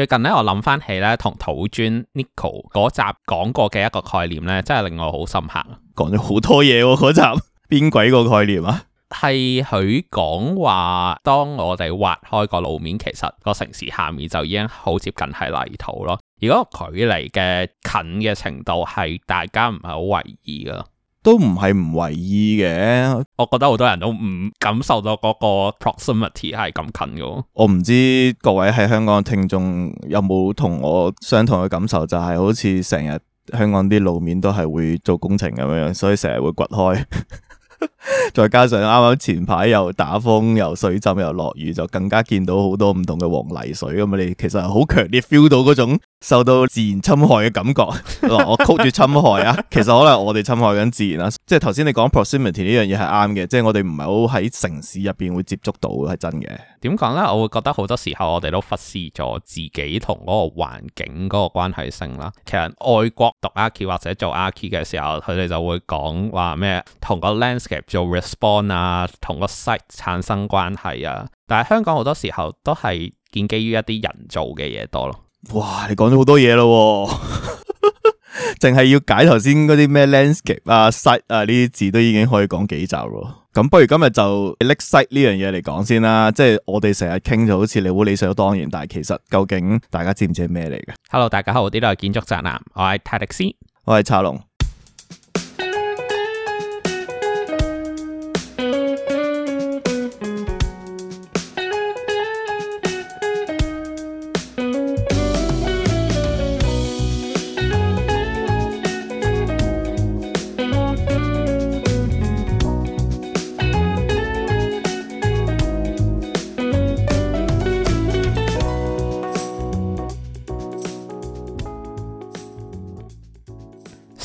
最近咧，我諗翻起咧同土磚 Nico 嗰集講過嘅一個概念咧，真係令我好深刻。講咗好多嘢嗰，啊、集，邊鬼個概念啊？係佢講話，當我哋挖開個路面，其實個城市下面就已經好接近係泥土咯。如果距離嘅近嘅程度，係大家唔係好為意噶。都唔係唔為意嘅，我覺得好多人都唔感受到嗰個 proximity 係咁近嘅。我唔知各位喺香港嘅聽眾有冇同我相同嘅感受，就係好似成日香港啲路面都係會做工程咁樣，所以成日會掘開。 再加上啱啱前排又打風又水浸又落雨，就更加見到好多唔同嘅黃泥水。咁你其實好強烈 feel 到嗰種受到自然侵害嘅感覺。 我曲住侵害啊，其實可能我哋侵害緊自然啦。即係頭先你講 proximity 呢樣嘢係啱嘅，即係我哋唔係好喺城市入邊會接觸到，係真嘅。點講呢？我會覺得好多時候我哋都忽視咗自己同嗰個環境、嗰個關係性啦。其實外國讀 archie 或者做 archie 嘅時候，佢哋就會講話咩，同個 landscape 做 spawn 啊，同個 site 產生關係啊，但係香港好多時候都係建基於一啲人造嘅嘢多咯。哇，你講咗好多嘢咯，哦，淨 係要解頭先嗰啲咩 landscape 啊、site 啊呢啲字都已經可以講幾集咯。咁不如今日就 site 呢樣嘢嚟講先啦，即係我哋成日傾就好似你好理所當然，但係其實究竟大家知唔知係咩嚟嘅？Hello，大家好，我哋係建築宅男，我係泰迪斯，我係查龍。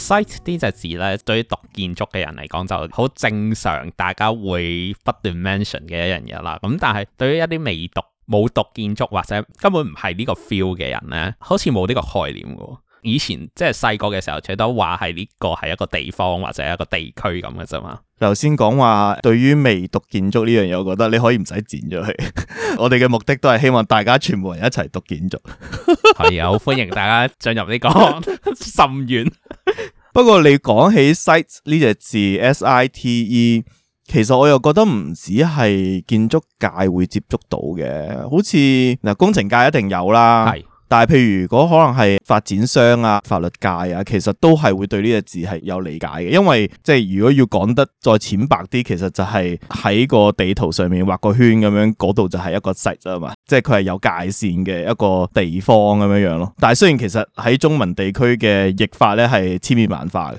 Site 呢隻字咧，對於讀建築嘅人嚟講就好正常，大家會不斷 mention 嘅一樣嘢啦。咁但係對於一啲未讀、冇讀建築或者根本唔係呢個 feel 嘅人咧，好似冇呢個概念嘅。以前即係細個嘅時候，最多話係呢個係一個地方或者一個地區咁嘅啫嘛。頭先講話，對於未讀建築呢樣嘢，我覺得你可以唔使剪咗佢。 我哋嘅目的都係希望大家全部人一齊讀建築，係 啊，歡迎大家進入呢個深遠。 不過你講起 site 呢隻字 S-I-T-E，其實我又覺得唔止係建築界會接觸到嘅，好似嗱，工程界一定有啦。但係，譬如如果可能係發展商啊、法律界啊，其實都係會對呢個字係有理解嘅，因為即係如果要講得再淺白啲，其實就係喺個地圖上面畫個圈咁樣，嗰度就係一個 Site 啫嘛，即係佢係有界線嘅一個地方咁樣樣咯。但係雖然其實喺中文地區嘅譯法咧係千變萬化嘅，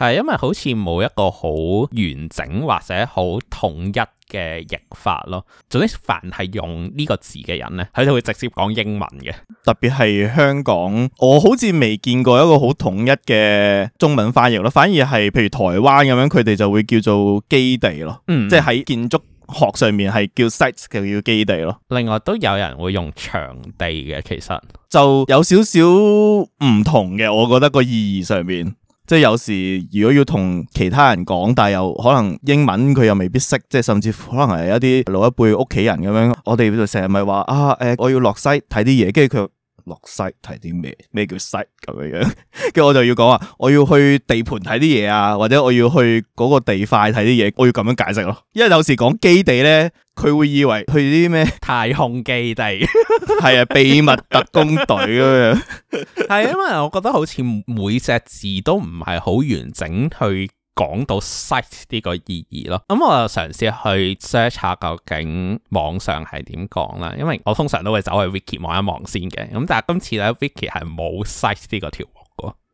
係因為好似冇一個好完整或者好統一嘅譯法咯，總之凡係用呢個字嘅人呢，佢就會直接講英文嘅。特別係香港，我好似未見過一個好統一嘅中文翻譯咯，反而係譬如台灣咁樣，佢哋就會叫做基地咯，嗯，即係喺建築學上面係叫 site，就叫基地咯。另外都有人會用場地嘅，其實就有少少唔同嘅，我覺得個意義上面。即係有時，如果要同其他人講，但係又可能英文佢又未必識，即係甚至可能係一啲老一輩屋企人咁樣。我哋就成日咪話啊，誒、呃，我要落 site 睇啲嘢，跟住佢落 site 睇啲咩？咩叫 site 咁樣樣？跟住我就要講話，我要去地盤睇啲嘢啊，或者我要去嗰個地塊睇啲嘢，我要咁樣解釋咯。因為有時講基地咧。佢會以為佢啲咩太空基地 、啊，係啊秘密特工隊咁樣。係因為我覺得好似每隻字都唔係好完整去講到 site 呢個意義咯。咁我就嘗試去 search 下究竟網上係點講啦。因為我通常都會走去 wiki 望一望先嘅。咁但係今次咧 wiki 係冇 site 呢個條。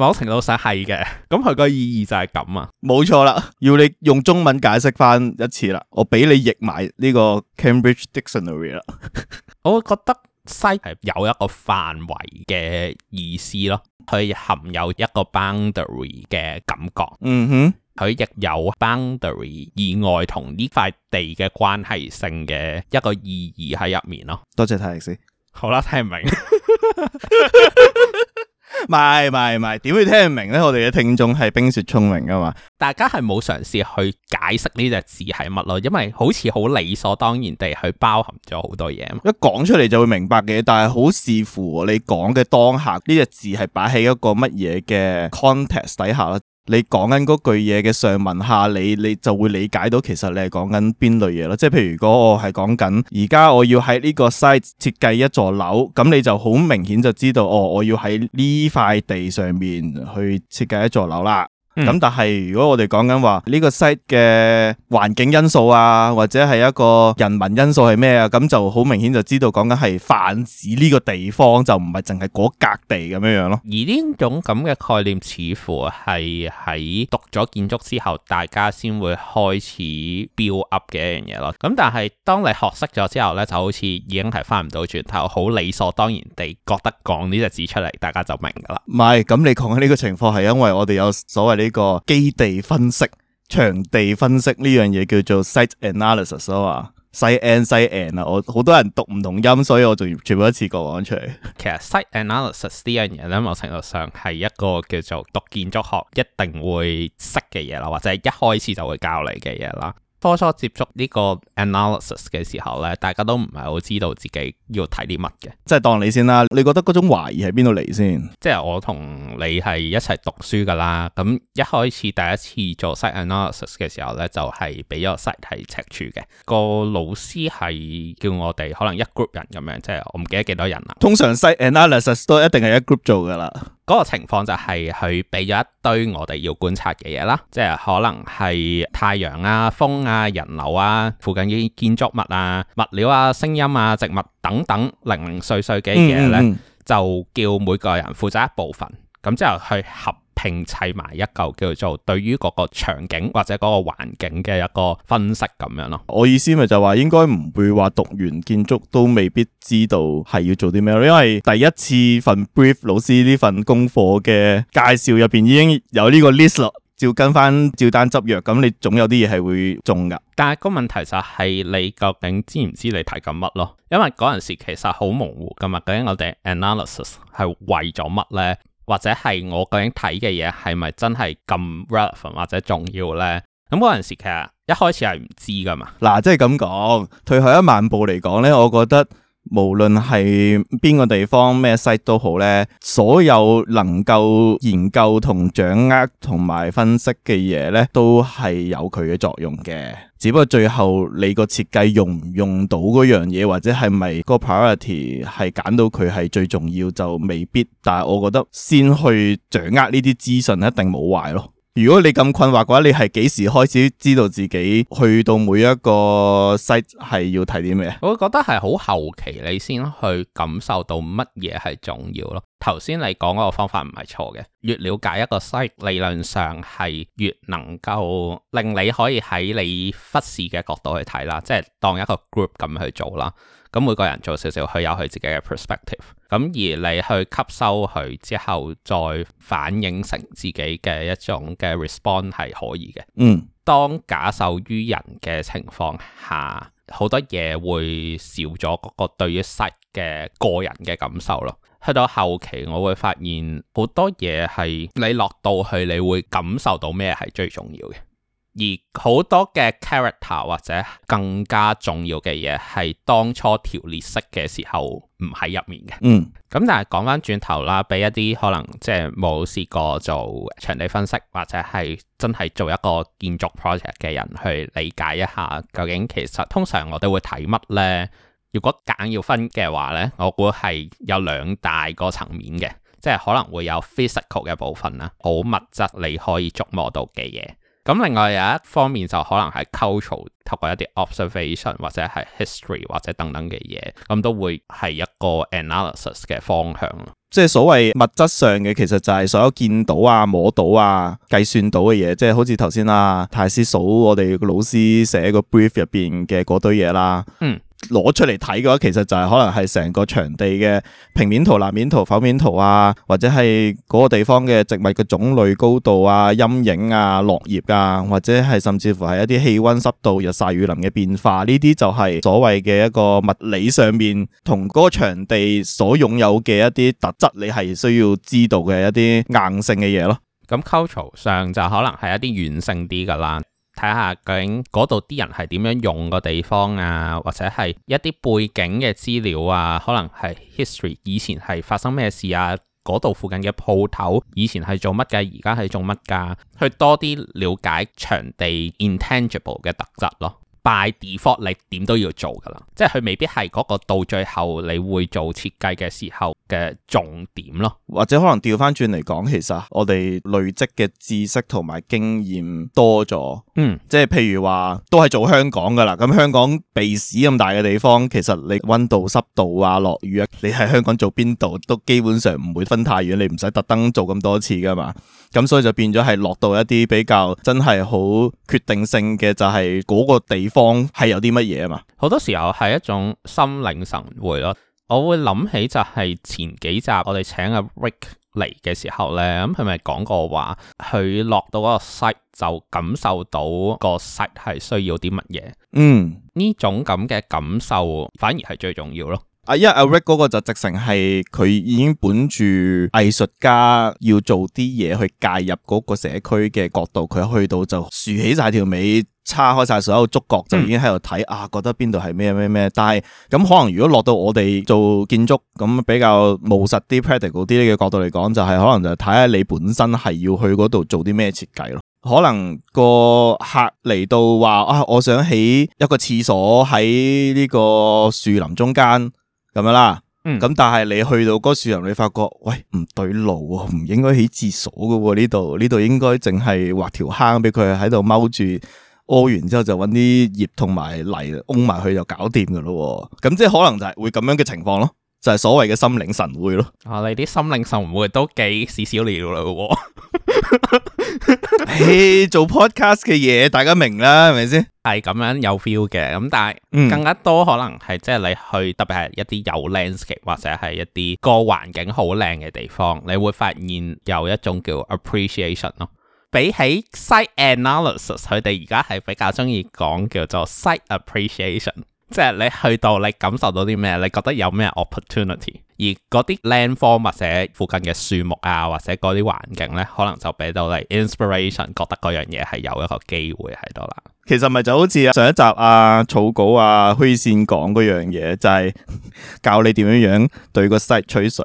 某程度上係嘅，咁佢個意義就係咁啊，冇錯啦。要你用中文解釋翻一次啦，我俾你譯埋呢個 Cambridge Dictionary 啦。 我覺得西係有一個範圍嘅意思咯，佢含有一個 boundary 嘅感覺。嗯哼、mm，佢、hmm. 亦有 boundary 以外同呢塊地嘅關係性嘅一個意義喺入面咯。多謝睇嚟先。好啦，聽唔明。 咪咪咪，點會聽唔明咧？我哋嘅聽眾係冰雪聰明噶嘛，大家係冇嘗試去解釋呢隻字係乜咯，因為好似好理所當然地去包含咗好多嘢啊嘛，一講出嚟，就會明白嘅，但係好視乎你講嘅當下呢隻字係擺喺一個乜嘢嘅 context 底下啦。你講緊嗰句嘢嘅上文下理，你就會理解到其實你係講緊邊類嘢咯。即係譬如，如果我係講緊而家我要喺呢個 site 設計一座樓，咁你就好明顯就知道哦，我要喺呢塊地上面去設計一座樓啦。咁、嗯、但係如果我哋講緊話呢個 site 嘅環境因素啊，或者係一個人民因素係咩啊，咁就好明顯就知道講緊係泛指呢個地方就唔係淨係嗰格地咁樣這這樣咯。而呢種咁嘅概念似乎係喺讀咗建築之後，大家先會開始 build up 嘅一樣嘢咯。咁但係當你學識咗之後咧，就好似已經係翻唔到轉頭，好理所當然地覺得講呢隻字出嚟，大家就明噶啦。唔係，咁你講緊呢個情況係因為我哋有所謂。呢個基地分析、場地分析呢樣嘢叫做 site analysis 啊，site and site and 啊，我好多人讀唔同音，所以我仲全部一次過講出嚟。其實 site analysis 呢樣嘢咧，某程度上係一個叫做讀建築學一定會識嘅嘢啦，或者係一開始就會教你嘅嘢啦。初初接觸呢個 analysis 嘅時候咧，大家都唔係好知道自己要睇啲乜嘅，即係當你先啦。你覺得嗰種懷疑喺邊度嚟先？即係我同你係一齊讀書噶啦，咁一開始第一次做 site analysis 嘅時候咧，就係俾咗個 site 係赤柱嘅，個老師係叫我哋可能一 group 人咁樣，即係我唔記得幾多人啦。通常 site analysis 都一定係一 group 做噶啦。嗰個情況就係佢俾咗一堆我哋要觀察嘅嘢啦，即係可能係太陽啊、風啊、人流啊、附近嘅建築物啊、物料啊、聲音啊、植物等等零零碎碎嘅嘢咧，嗯，就叫每個人負責一部分，咁之後去合。拼砌埋一嚿叫做對於嗰個場景或者嗰個環境嘅一個分析咁樣咯。我意思咪就話應該唔會話讀完建築都未必知道係要做啲咩咯。因為第一次份 brief 老師呢份功課嘅介紹入邊已經有呢個 list 啦，照跟翻照單執藥咁，你總有啲嘢係會中噶。但係個問題就係你究竟知唔知你提緊乜咯？因為嗰陣時其實好模糊噶嘛。究竟我哋 analysis 係為咗乜咧？或者係我究竟睇嘅嘢係咪真係咁 relevant 或者重要咧？咁嗰陣時其實一開始係唔知噶嘛。嗱，啊，即係咁講，退後一萬步嚟講咧，我覺得。無論係邊個地方咩 site 都好咧，所有能夠研究同掌握同埋分析嘅嘢咧，都係有佢嘅作用嘅。只不過最後你個設計用唔用到嗰樣嘢，或者係咪個 priority 係揀到佢係最重要，就未必。但係我覺得先去掌握呢啲資訊一定冇壞咯。如果你咁困惑嘅話，你係幾時開始知道自己去到每一個 site 係要睇啲咩？我覺得係好後期你先去感受到乜嘢係重要咯。頭先你講嗰個方法唔係錯嘅，越了解一個 site 理論上係越能夠令你可以喺你忽視嘅角度去睇啦，即係當一個 group 咁去做啦。咁每個人做少少，佢有佢自己嘅 perspective。咁而你去吸收佢之後，再反映成自己嘅一種嘅 response 係可以嘅。嗯，當假手於人嘅情況下，好多嘢會少咗嗰個對於實嘅個人嘅感受咯。去到後期，我會發現好多嘢係你落到去，你會感受到咩係最重要嘅。而好多嘅 character 或者更加重要嘅嘢，係當初條列式嘅時候唔喺入面嘅。嗯，咁但係講翻轉頭啦，俾一啲可能即係冇試過做場地分析或者係真係做一個建築 project 嘅人去理解一下，究竟其實通常我哋會睇乜呢？如果揀要分嘅話呢，我估係有兩大個層面嘅，即係可能會有 physical 嘅部分啦，好物質你可以觸摸到嘅嘢。咁另外有一方面就可能係 cultural 透過一啲 observation 或者係 history 或者等等嘅嘢，咁都會係一個 analysis 嘅方向即係所謂物質上嘅，其實就係所有見到啊、摸到啊、計算到嘅嘢，即係好似頭先啊太斯數我哋老師寫個 brief 入邊嘅嗰堆嘢啦。嗯。攞出嚟睇嘅話，其實就係可能係成個場地嘅平面圖、立面圖、剖面圖啊，或者係嗰個地方嘅植物嘅種類、高度啊、陰影啊、落葉啊，或者係甚至乎係一啲氣溫濕度、日曬雨淋嘅變化，呢啲就係所謂嘅一個物理上面同嗰個場地所擁有嘅一啲特質，你係需要知道嘅一啲硬性嘅嘢咯。咁 culture 上就可能係一啲軟性啲㗎喇。睇下究竟嗰度啲人係點樣用個地方啊，或者係一啲背景嘅資料啊，可能係 history 以前係發生咩事啊，嗰度附近嘅鋪頭以前係做乜嘅，而家係做乜噶？去多啲了解場地 intangible 嘅特質咯。By default 你點都要做噶啦，即係佢未必係嗰個到最後你會做設計嘅時候。嘅重點咯，或者可能掉返轉嚟講，其實我哋累積嘅知識同埋經驗多咗，嗯，即係譬如話都係做香港㗎喇，咁香港鼻屎咁大嘅地方，其實你溫度濕度啊、落雨啊，你喺香港做邊度都基本上唔會分太遠，你唔使特登做咁多次㗎嘛，咁所以就變咗係落到一啲比較真係好決定性嘅，就係嗰個地方係有啲乜嘢啊嘛，好多時候係一種心領神會咯。我會諗起就係前幾集我哋請阿 Rick 嚟嘅時候咧，咁佢咪講過話，佢落到嗰個 site 就感受到個 site 係需要啲乜嘢。嗯，呢種咁嘅感受反而係最重要咯。啊，一阿 Rick 嗰個就直成係佢已經本住藝術家要做啲嘢去介入嗰個社區嘅角度，佢去到就豎起晒條尾，叉開晒所有觸角，就已經喺度睇啊，覺得邊度係咩咩咩。但係咁可能如果落到我哋做建築咁比較務實啲 practical 啲嘅角度嚟講，就係、是、可能就睇下你本身係要去嗰度做啲咩設計咯。可能個客嚟到話啊，我想起一個廁所喺呢個樹林中間。咁樣啦，咁、嗯、但係你去到嗰樹林，你發覺喂，唔對路啊，唔應該起廁所噶、啊，呢度呢度應該淨係畫條坑俾佢喺度踎住屙完之後就揾啲葉同埋泥，屙埋佢就搞掂噶咯。咁、嗯嗯、即係可能就係會咁樣嘅情況咯。就係所謂嘅心領神會咯、哦，啊你啲心領神會都幾少少料啦，喎，誒做 podcast 嘅嘢，大家明啦，係咪先？係咁樣有 feel 嘅，咁但係更加多可能係即係你去特別係一啲有 landscape 或者係一啲個環境好靚嘅地方，你會發現有一種叫 appreciation 咯，比起 site analysis，佢哋而家係比較中意講叫做 site appreciation。即係你去到，你感受到啲咩？你覺得有咩 opportunity？而嗰啲 landform 或者附近嘅樹木啊，或者嗰啲環境咧，可能就俾到你 inspiration，覺得嗰樣嘢係有一個機會喺度啦。其實咪就好似啊，上一集啊，草稿啊，虛線講嗰樣嘢，就係教你點樣樣對個 site 吹水，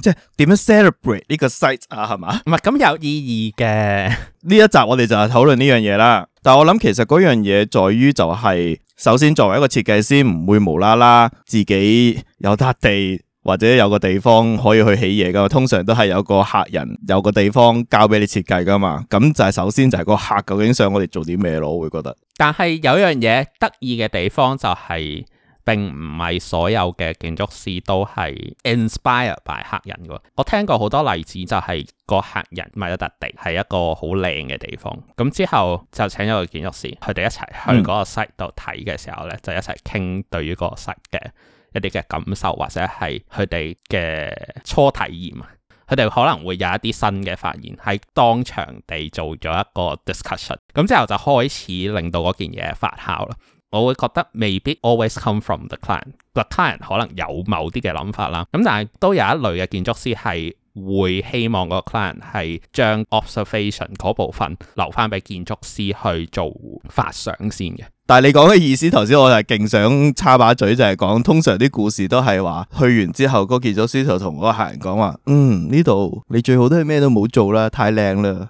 即係點樣 celebrate 呢個 site 啊，係嘛？唔係咁有意義嘅。呢一集我哋就係討論呢樣嘢啦。但係我諗其實嗰樣嘢在於就係、是。首先，作為一個設計師，唔會無啦啦，自己有笪地或者有個地方可以去起嘢噶，通常都係有個客人有個地方交俾你設計噶嘛。咁就係首先就係個客究竟想我哋做啲咩咯，我會覺得。但係有樣嘢得意嘅地方就係、是。並唔係所有嘅建築師都係 inspired by 客人噶。我聽過好多例子，就係個客人買咗笪地，係一個好靚嘅地方。咁之後就請咗個建築師，佢哋一齊去嗰個 site 度睇嘅時候咧，就一齊傾對於個 site 嘅一啲嘅感受，或者係佢哋嘅初體驗。佢哋可能會有一啲新嘅發現，喺當場地做咗一個 discussion。咁之後就開始令到嗰件嘢發酵啦。我會覺得未必 always come from the client，但係 client 可能有某啲嘅諗法啦。咁但係都有一類嘅建築師係會希望個 client 係將 observation 嗰部分留翻俾建築師去做發想先嘅。但係你講嘅意思，頭先我就係勁想插把嘴就，就係講通常啲故事都係話去完之後，個建築師就同個客人講話：嗯，呢度你最好都係咩都冇做啦，太靚啦。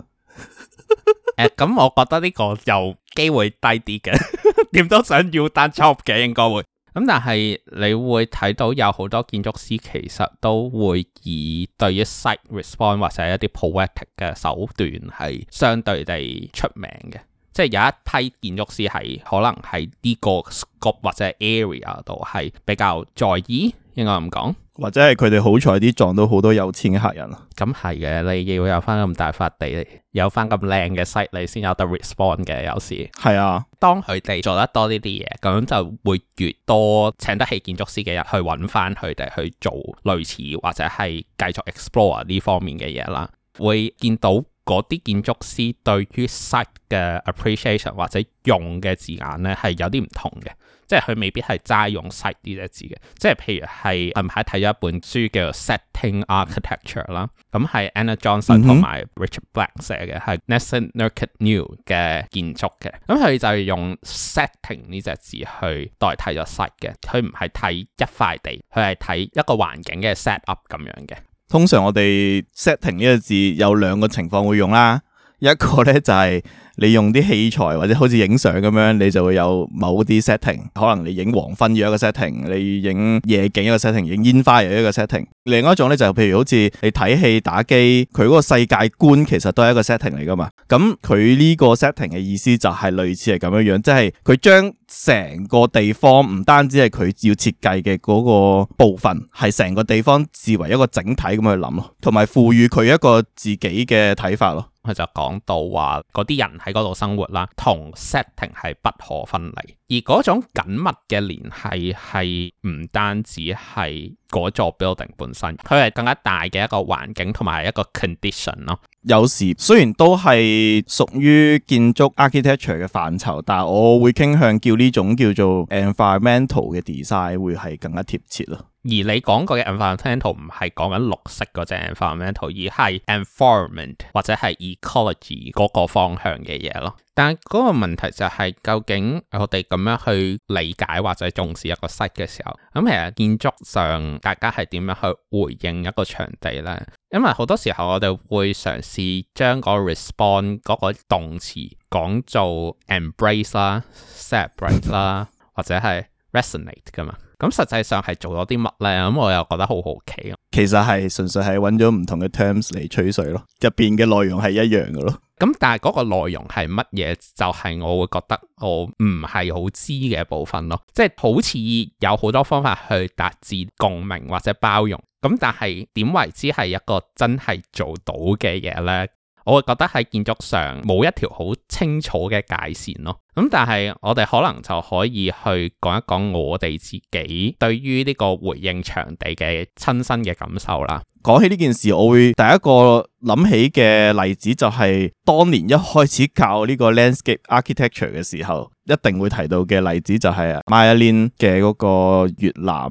誒，咁我覺得呢個有機會低啲嘅，點都想要單 job 嘅，應該會。咁但係你會睇到，有好多建築師其實都會以對於 site response 或者一啲 poetic 嘅手段係相對地出名嘅，即係有一批建築師係可能喺呢個 scope 或者 area 度係比較在意，應該咁講。或者係佢哋好彩啲撞到好多有錢嘅客人啦。咁係嘅，你要有翻咁大塊地，有翻咁靚嘅 site，你先有得 respond 嘅。有時係啊，的當佢哋做得多呢啲嘢，咁就會越多請得起建築師嘅人去揾翻佢哋去做類似或者係繼續 explore 呢方面嘅嘢啦，會見到。嗰啲建築師對於 site 嘅 appreciation 或者用嘅字眼咧係有啲唔同嘅，即係佢未必係齋用 site 呢隻字嘅。即係譬如係近排睇咗一本書叫 Setting Architecture 啦、嗯哼，咁係 Anna Johnson 同埋 Richard Black 寫嘅，係 Nelson New 嘅建築嘅。咁佢就係用 setting 呢隻字去代替咗 site 嘅，佢唔係睇一塊地，佢係睇一個環境嘅 set up 咁樣嘅。通常我哋 setting 呢個字有兩個情況會用啦。一個咧就係、是、你用啲器材或者好似影相咁樣，你就會有某啲 setting。可能你影黃昏有一個 setting，你影夜景一個 setting，影煙花又一個 setting。另外一種咧就是、譬如好似你睇戲打機，佢嗰個世界觀其實都係一個 setting 嚟噶嘛。咁佢呢個 setting 嘅意思就係類似係咁樣樣，即係佢將成個地方唔單止係佢要設計嘅嗰個部分，係成個地方視為一個整體咁去諗咯，同埋賦予佢一個自己嘅睇法咯。佢就講到話，嗰啲人喺嗰度生活啦，同 setting 係不可分離，而嗰種緊密嘅聯繫係唔單止係嗰座 building 本身，佢係更加大嘅一個環境同埋一個 condition 咯。有時雖然都係屬於建築 architecture 嘅範疇，但係我會傾向叫呢種叫做 environmental 嘅 design 會係更加貼切咯。而你講過嘅 environmental 唔係講緊綠色嗰隻 environmental，而係 environment 或者係 ecology 嗰個方向嘅嘢咯。但係嗰個問題就係究竟我哋咁樣去理解或者重視一個 site 嘅時候，咁其實建築上大家係點樣去回應一個場地咧？因為好多時候我哋會嘗試將個 respond 嗰個動詞講做 embrace 啦，啦、celebrate 啦，或者係 resonate 噶嘛。咁實際上係做咗啲乜咧？咁我又覺得好好奇。其實係純粹係揾咗唔同嘅 terms 嚟吹水咯，入邊嘅內容係一樣嘅咯。咁但係嗰個內容係乜嘢？就係、是、我會覺得我唔係好知嘅部分咯。即係好似有好多方法去達至共鳴或者包容。咁但係點為之係一個真係做到嘅嘢咧？我會覺得喺建築上冇一條好清楚嘅界線咯。咁但係我哋可能就可以去講一講我哋自己對於呢個回應場地嘅親身嘅感受啦。講起呢件事，我會第一個諗起嘅例子就係、是、當年一開始教呢個 landscape architecture 嘅時候，一定會提到嘅例子就係啊 Maya Lin 嘅嗰個越南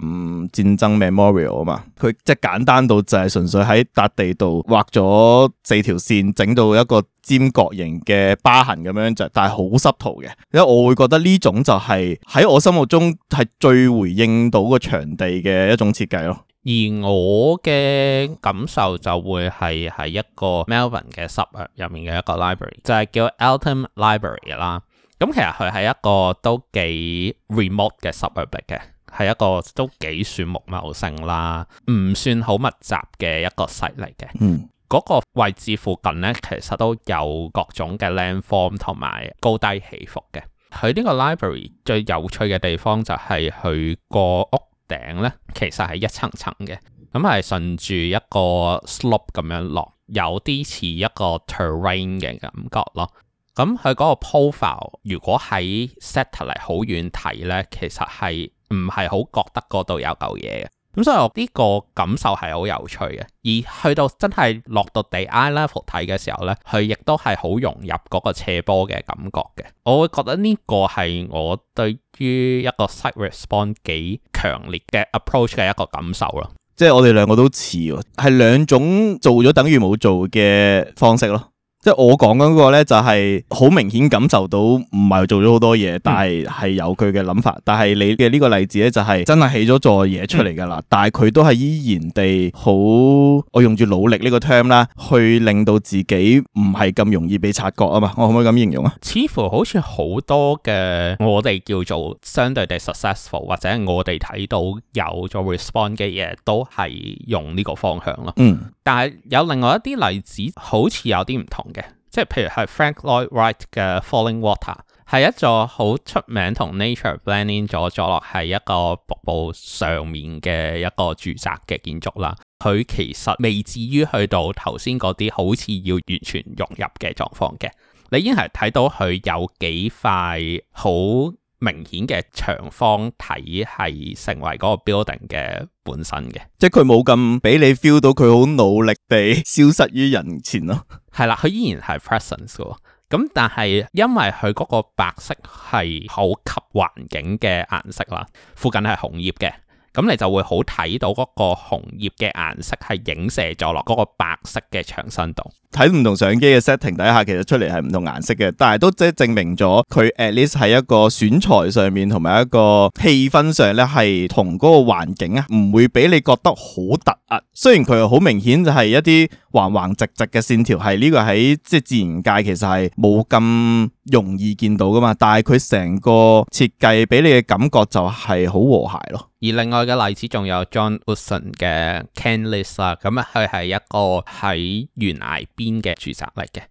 戰爭 memorial 啊嘛。佢即係簡單到就係純粹喺笪地度畫咗四條線，整到一個，尖角形嘅疤痕咁樣就，但係好濕套嘅，因為我會覺得呢種就係喺我心目中係最回應到個場地嘅一種設計咯。而我嘅感受就會係喺一個 Melbourne 嘅濕入面嘅一個 ary，就 library，就係叫 Altum Library 啦。咁其實佢係一個都幾 remote 嘅 suburb 嘅，係一個都幾樹木茂盛啦，唔算好密集嘅一個勢嚟嘅。嗯。嗰個位置附近呢，其實都有各種嘅 landform 同埋高低起伏嘅。佢呢個 library 最有趣嘅地方就係佢個屋頂呢，其實係一層層嘅，咁、嗯、係順住一個 slope 咁樣落，有啲似一個 terrain 嘅感覺咯。咁佢嗰個 profile 如果喺 satellite 好遠睇呢，其實係唔係好覺得嗰度有嚿嘢。咁所以我呢個感受係好有趣嘅，而去到真係落到地 I level 睇嘅時候呢，佢亦都係好融入嗰個斜坡嘅感覺嘅。我會覺得呢個係我對於一個 site response 幾強烈嘅 approach 嘅一個感受咯。即係我哋兩個都似喎，係兩種做咗等於冇做嘅方式咯。即係我講嗰個咧，就係好明顯感受到唔係做咗好多嘢，嗯、但係係有佢嘅諗法。但係你嘅呢個例子咧，就係真係起咗做嘢出嚟㗎啦。但係佢都係依然地好，我用住努力呢個 term 啦，去令到自己唔係咁容易被察覺啊嘛。我可唔可以咁形容啊？似乎好似好多嘅我哋叫做相對地 successful，或者我哋睇到有咗 response 嘅嘢，都係用呢個方向咯。嗯。但係有另外一啲例子，好似有啲唔同嘅，即係譬如係 Frank Lloyd Wright 嘅《Falling Water》，係一座好出名同 Nature blending 咗，坐落喺一個瀑布上面嘅一個住宅嘅建築啦。佢其實未至於去到頭先嗰啲好似要完全融入嘅狀況嘅，你已經係睇到佢有幾塊好明顯嘅長方體係成為嗰個 building 嘅本身嘅，即係佢冇咁俾你 feel 到佢好努力地消失於人前咯。係 啦，佢依然係 presence 嘅，咁但係因為佢嗰個白色係好吸環境嘅顏色啦，附近係紅葉嘅。咁你就會好睇到嗰個紅葉嘅顏色係影射咗落嗰個白色嘅牆身度。喺唔同相機嘅 setting 底下，其實出嚟係唔同顏色嘅，但係都即係證明咗佢 At least，係一個選材上面同埋一個氣氛上咧係同嗰個環境啊，唔會俾你覺得好突兀。雖然佢好明顯就係一啲。橫橫直直嘅線條係呢個喺即係自然界其實係冇咁容易見到噶嘛，但係佢成個設計俾你嘅感覺就係好和諧咯。而另外嘅例子仲有 John Uson 嘅 Can Lis 啊，咁啊佢係一個喺懸崖邊嘅住宅嚟嘅，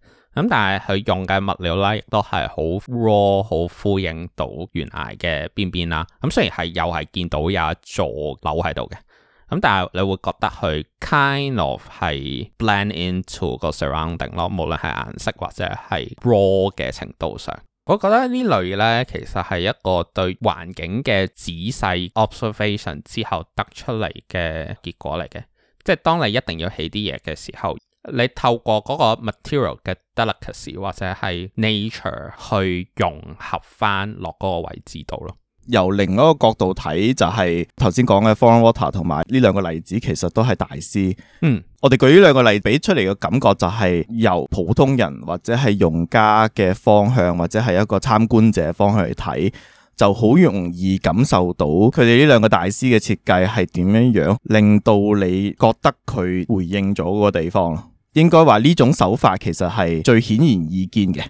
咁但係佢用嘅物料咧亦都係好 raw，好呼應到懸崖嘅邊邊啦。咁雖然係又係見到有一座樓喺度嘅。咁但係你會覺得佢 kind of 係 blend into 個 surrounding 咯，無論係顏色或者係 raw 嘅程度上，我覺得呢類咧其實係一個對環境嘅仔細 observation 之後得出嚟嘅結果嚟嘅，即係當你一定要起啲嘢嘅時候，你透過嗰個 material 嘅 delicacy 或者係 nature 去融合翻落嗰個位置度咯。由另一個角度睇，就係頭先講嘅 Form Water 同埋呢兩個例子，其實都係大師。嗯，我哋舉呢兩個例，俾出嚟嘅感覺就係由普通人或者係用家嘅方向，或者係一個參觀者方向去睇，就好容易感受到佢哋呢兩個大師嘅設計係點樣樣，令到你覺得佢回應咗嗰個地方咯。應該話呢種手法其實係最顯然易見嘅。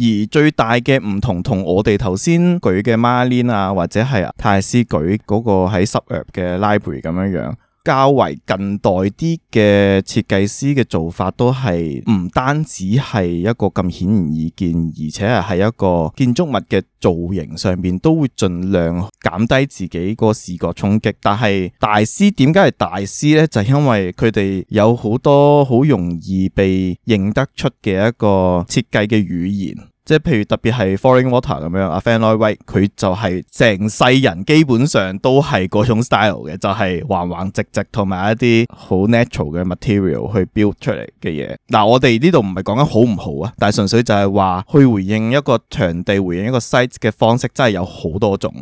而最大嘅唔同同我哋頭先舉嘅 Marlin 啊，或者係啊泰師舉嗰個喺 Suburb 嘅 Library 咁樣樣，較為近代啲嘅設計師嘅做法，都係唔單止係一個咁顯然易見，而且係一個建築物嘅造型上面都會盡量減低自己個視覺衝擊。但係大師點解係大師呢？就係因為佢哋有好多好容易被認得出嘅一個設計嘅語言。即係譬如特別係 Falling Water 咁樣啊，Frank Lloyd Wright 佢就係成世人基本上都係嗰種 style 嘅，就係、係、橫橫直直同埋一啲好 natural 嘅 material 去 build 出嚟嘅嘢。嗱，我哋呢度唔係講緊好唔好啊，但係純粹就係話去回應一個場地，回應一個 site 嘅方式真係有好多種。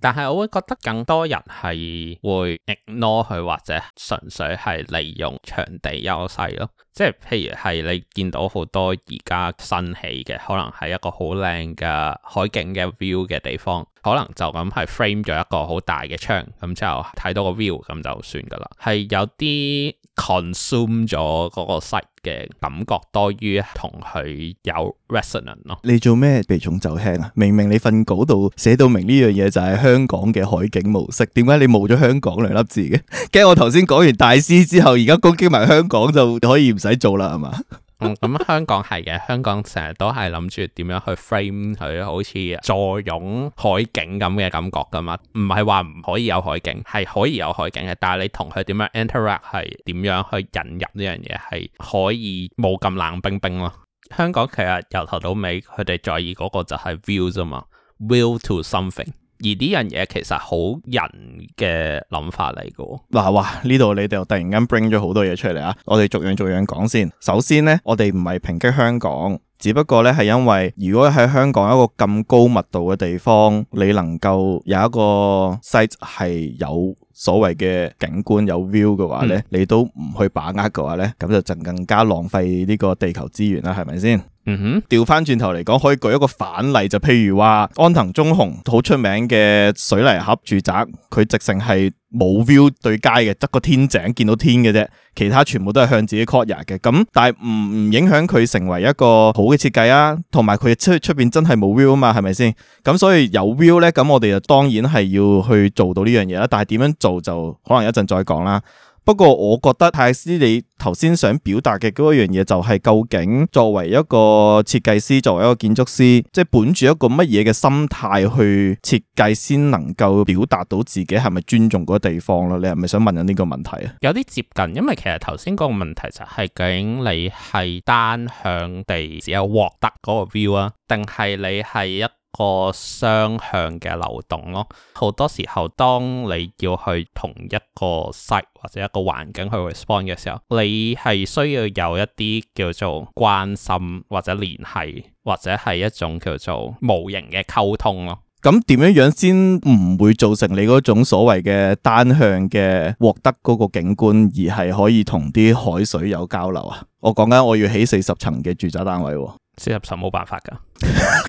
但係，我會覺得更多人係會 ignore 佢，或者純粹係利用場地優勢咯。即係譬如係你見到好多而家新起嘅，可能係一個好靚嘅海景嘅 view 嘅地方。可能就咁係 frame 咗一個好大嘅窗，咁之後睇到個 view 咁就算噶啦。係有啲 consume 咗嗰個 site 嘅感覺多於同佢有 resonance 咯。你做咩避重就輕啊？明明你份稿度寫到明呢樣嘢就係香港嘅海景模式，點解你冇咗香港兩粒字嘅？驚我頭先講完大師之後，而家攻擊埋香港就可以唔使做啦，係嘛？咁香港係嘅，香港成日都係諗住點樣去 frame 佢好似坐擁海景咁嘅感覺噶嘛，唔係話唔可以有海景，係可以有海景嘅，但係你同佢點樣 interact 係點樣去引入呢樣嘢，係可以冇咁冷冰冰咯。香港其實由頭到尾，佢哋在意嗰個就係 view 啫嘛，view to something。而呢樣嘢其實好人嘅諗法嚟噶，嗱、啊、哇，呢度你哋又突然間 bring 咗好多嘢出嚟啊！我哋逐樣逐樣講先。首先咧，我哋唔係抨擊香港，只不過咧係因為如果喺香港一個咁高密度嘅地方，你能夠有一個 site 係有所謂嘅景觀有 view 嘅話咧，嗯、你都唔去把握嘅話咧，咁就就更加浪費呢個地球資源啦，係咪先？嗯哼，調翻轉頭嚟講，可以舉一個反例，就譬如話安藤忠雄好出名嘅水泥盒住宅，佢直成係冇 view 對街嘅，得個天井見到天嘅啫，其他全部都係向自己 cover 嘅。咁但係唔唔影響佢成為一個好嘅設計啊，同埋佢出出邊真係冇 view 啊嘛，係咪先？咁所以有 view 咧，咁我哋就當然係要去做到呢樣嘢啦。但係點樣做就可能一陣再講啦。不過我覺得泰斯，你頭先想表達嘅嗰一樣嘢，就係究竟作為一個設計師，作為一個建築師，即係本住一個乜嘢嘅心態去設計，先能夠表達到自己係咪尊重嗰個地方咯？你係咪想問緊呢個問題啊？有啲接近，因為其實頭先嗰個問題就係，究竟你係單向地只有獲得嗰個 view 啊，定係你係一？個雙向嘅流動咯，好多時候當你要去同一個 site 或者一個環境去 respond 嘅時候，你係需要有一啲叫做關心或者聯繫或者係一種叫做無形嘅溝通咯。咁點樣樣先唔會造成你嗰種所謂嘅單向嘅獲得嗰個景觀，而係可以同啲海水有交流啊？我講緊我要起四十層嘅住宅單位。四十層冇辦法噶，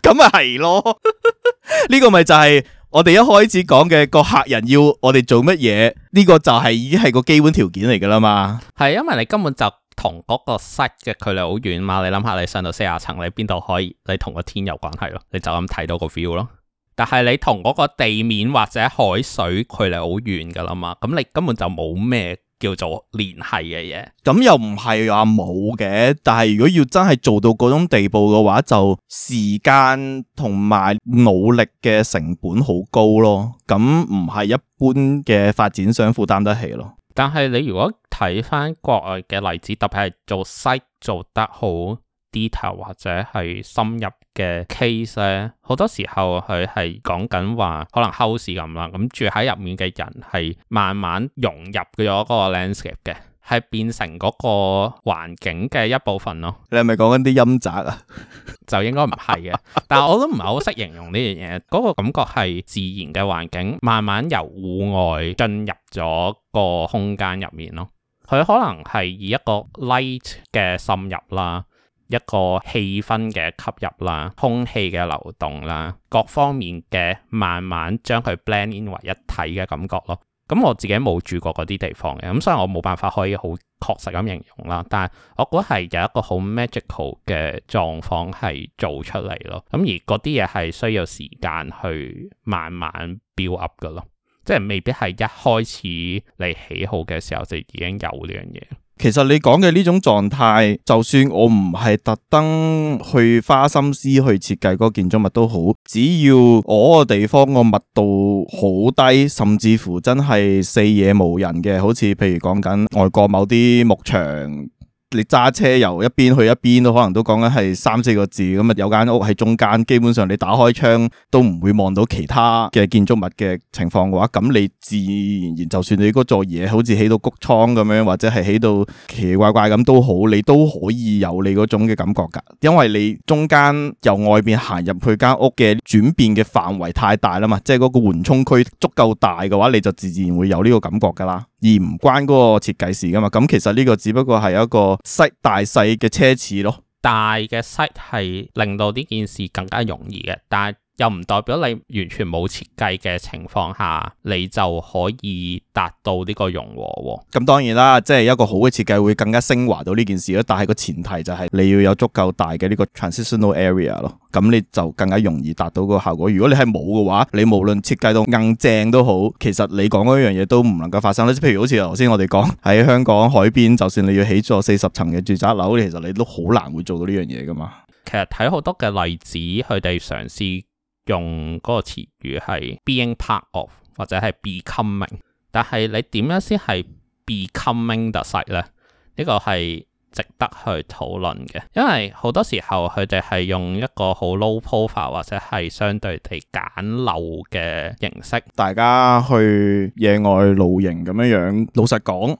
咁咪係咯？呢個咪就係我哋一開始講嘅個客人要我哋做乜嘢？呢個就係已經係個基本條件嚟噶啦嘛。係因為你根本就同嗰個 site 嘅距離好遠嘛。你諗下，你上到四十層，你邊度可以？你同個天有關係咯，你就咁睇到個 feel 咯。但係你同嗰個地面或者海水距離好遠噶啦嘛，咁你根本就冇咩。叫做聯繫嘅嘢，咁又唔係話冇嘅，但係如果要真係做到嗰種地步嘅話，就時間同埋努力嘅成本好高咯，咁唔係一般嘅發展商負擔得起咯。但係你如果睇返國外嘅例子，特別係做 site 做得好 detail 或者係深入，嘅 case 咧，好多時候佢係講緊話可能 house 咁啦，咁住喺入面嘅人係慢慢融入咗嗰個 landscape 嘅，係變成嗰個環境嘅一部分咯。你係咪講緊啲陰宅啊？就應該唔係嘅， 但係我都唔係好識形容呢樣嘢，嗰、嗰個感覺係自然嘅環境慢慢由戶外進入咗個空間入面咯。佢可能係以一個 light 嘅滲入啦。一個氣氛嘅吸入啦，空氣嘅流動啦，各方面嘅慢慢將佢 blend in 為一體嘅感覺咯。咁我自己冇住過嗰啲地方嘅，咁所以我冇辦法可以好確實咁形容啦。但係我覺得係有一個好 magical 嘅狀況係做出嚟咯。咁而嗰啲嘢係需要時間去慢慢 build up 嘅咯，即係未必係一開始你喜好嘅時候就已經有呢樣嘢。其實你講嘅呢種狀態，就算我唔係特登去花心思去設計嗰個建築物都好，只要我個地方個密度好低，甚至乎真係四野無人嘅，好似譬如講緊外國某啲牧場。你揸車由一邊去一邊都可能都講緊係三四個字咁啊，有間屋喺中間，基本上你打開窗都唔會望到其他嘅建築物嘅情況嘅話，咁你自然然就算你嗰座嘢好似起到穀倉咁樣，或者係起到奇奇怪怪咁都好，你都可以有你嗰種嘅感覺噶，因為你中間由外邊行入去間屋嘅轉變嘅範圍太大啦嘛，即係嗰個緩衝區足夠大嘅話，你就自然會有呢個感覺噶啦。而唔關嗰個設計師㗎嘛，咁其實呢個只不過係一個 site 大細嘅奢侈咯。大嘅 site 係令到呢件事更加容易嘅，但係。又唔代表你完全冇設計嘅情況下，你就可以達到呢個融和喎。咁、嗯、當然啦，即係一個好嘅設計會更加升華到呢件事咯。但係個前提就係你要有足夠大嘅呢個 transitional area 咯。咁你就更加容易達到個效果。如果你係冇嘅話，你無論設計到硬正都好，其實你講嗰樣嘢都唔能夠發生啦。即譬如好似頭先我哋講喺香港海邊，就算你要起咗四十層嘅住宅樓，其實你都好難會做到呢樣嘢㗎嘛。其實睇好多嘅例子，佢哋嘗試。用嗰個詞語係 being part of 或者係 becoming，但係你點樣先係 becoming 得 site 呢？呢個係值得去討論嘅，因為好多時候佢哋係用一個好 low profile 或者係相對地簡陋嘅形式，大家去野外露營咁樣樣。老實講，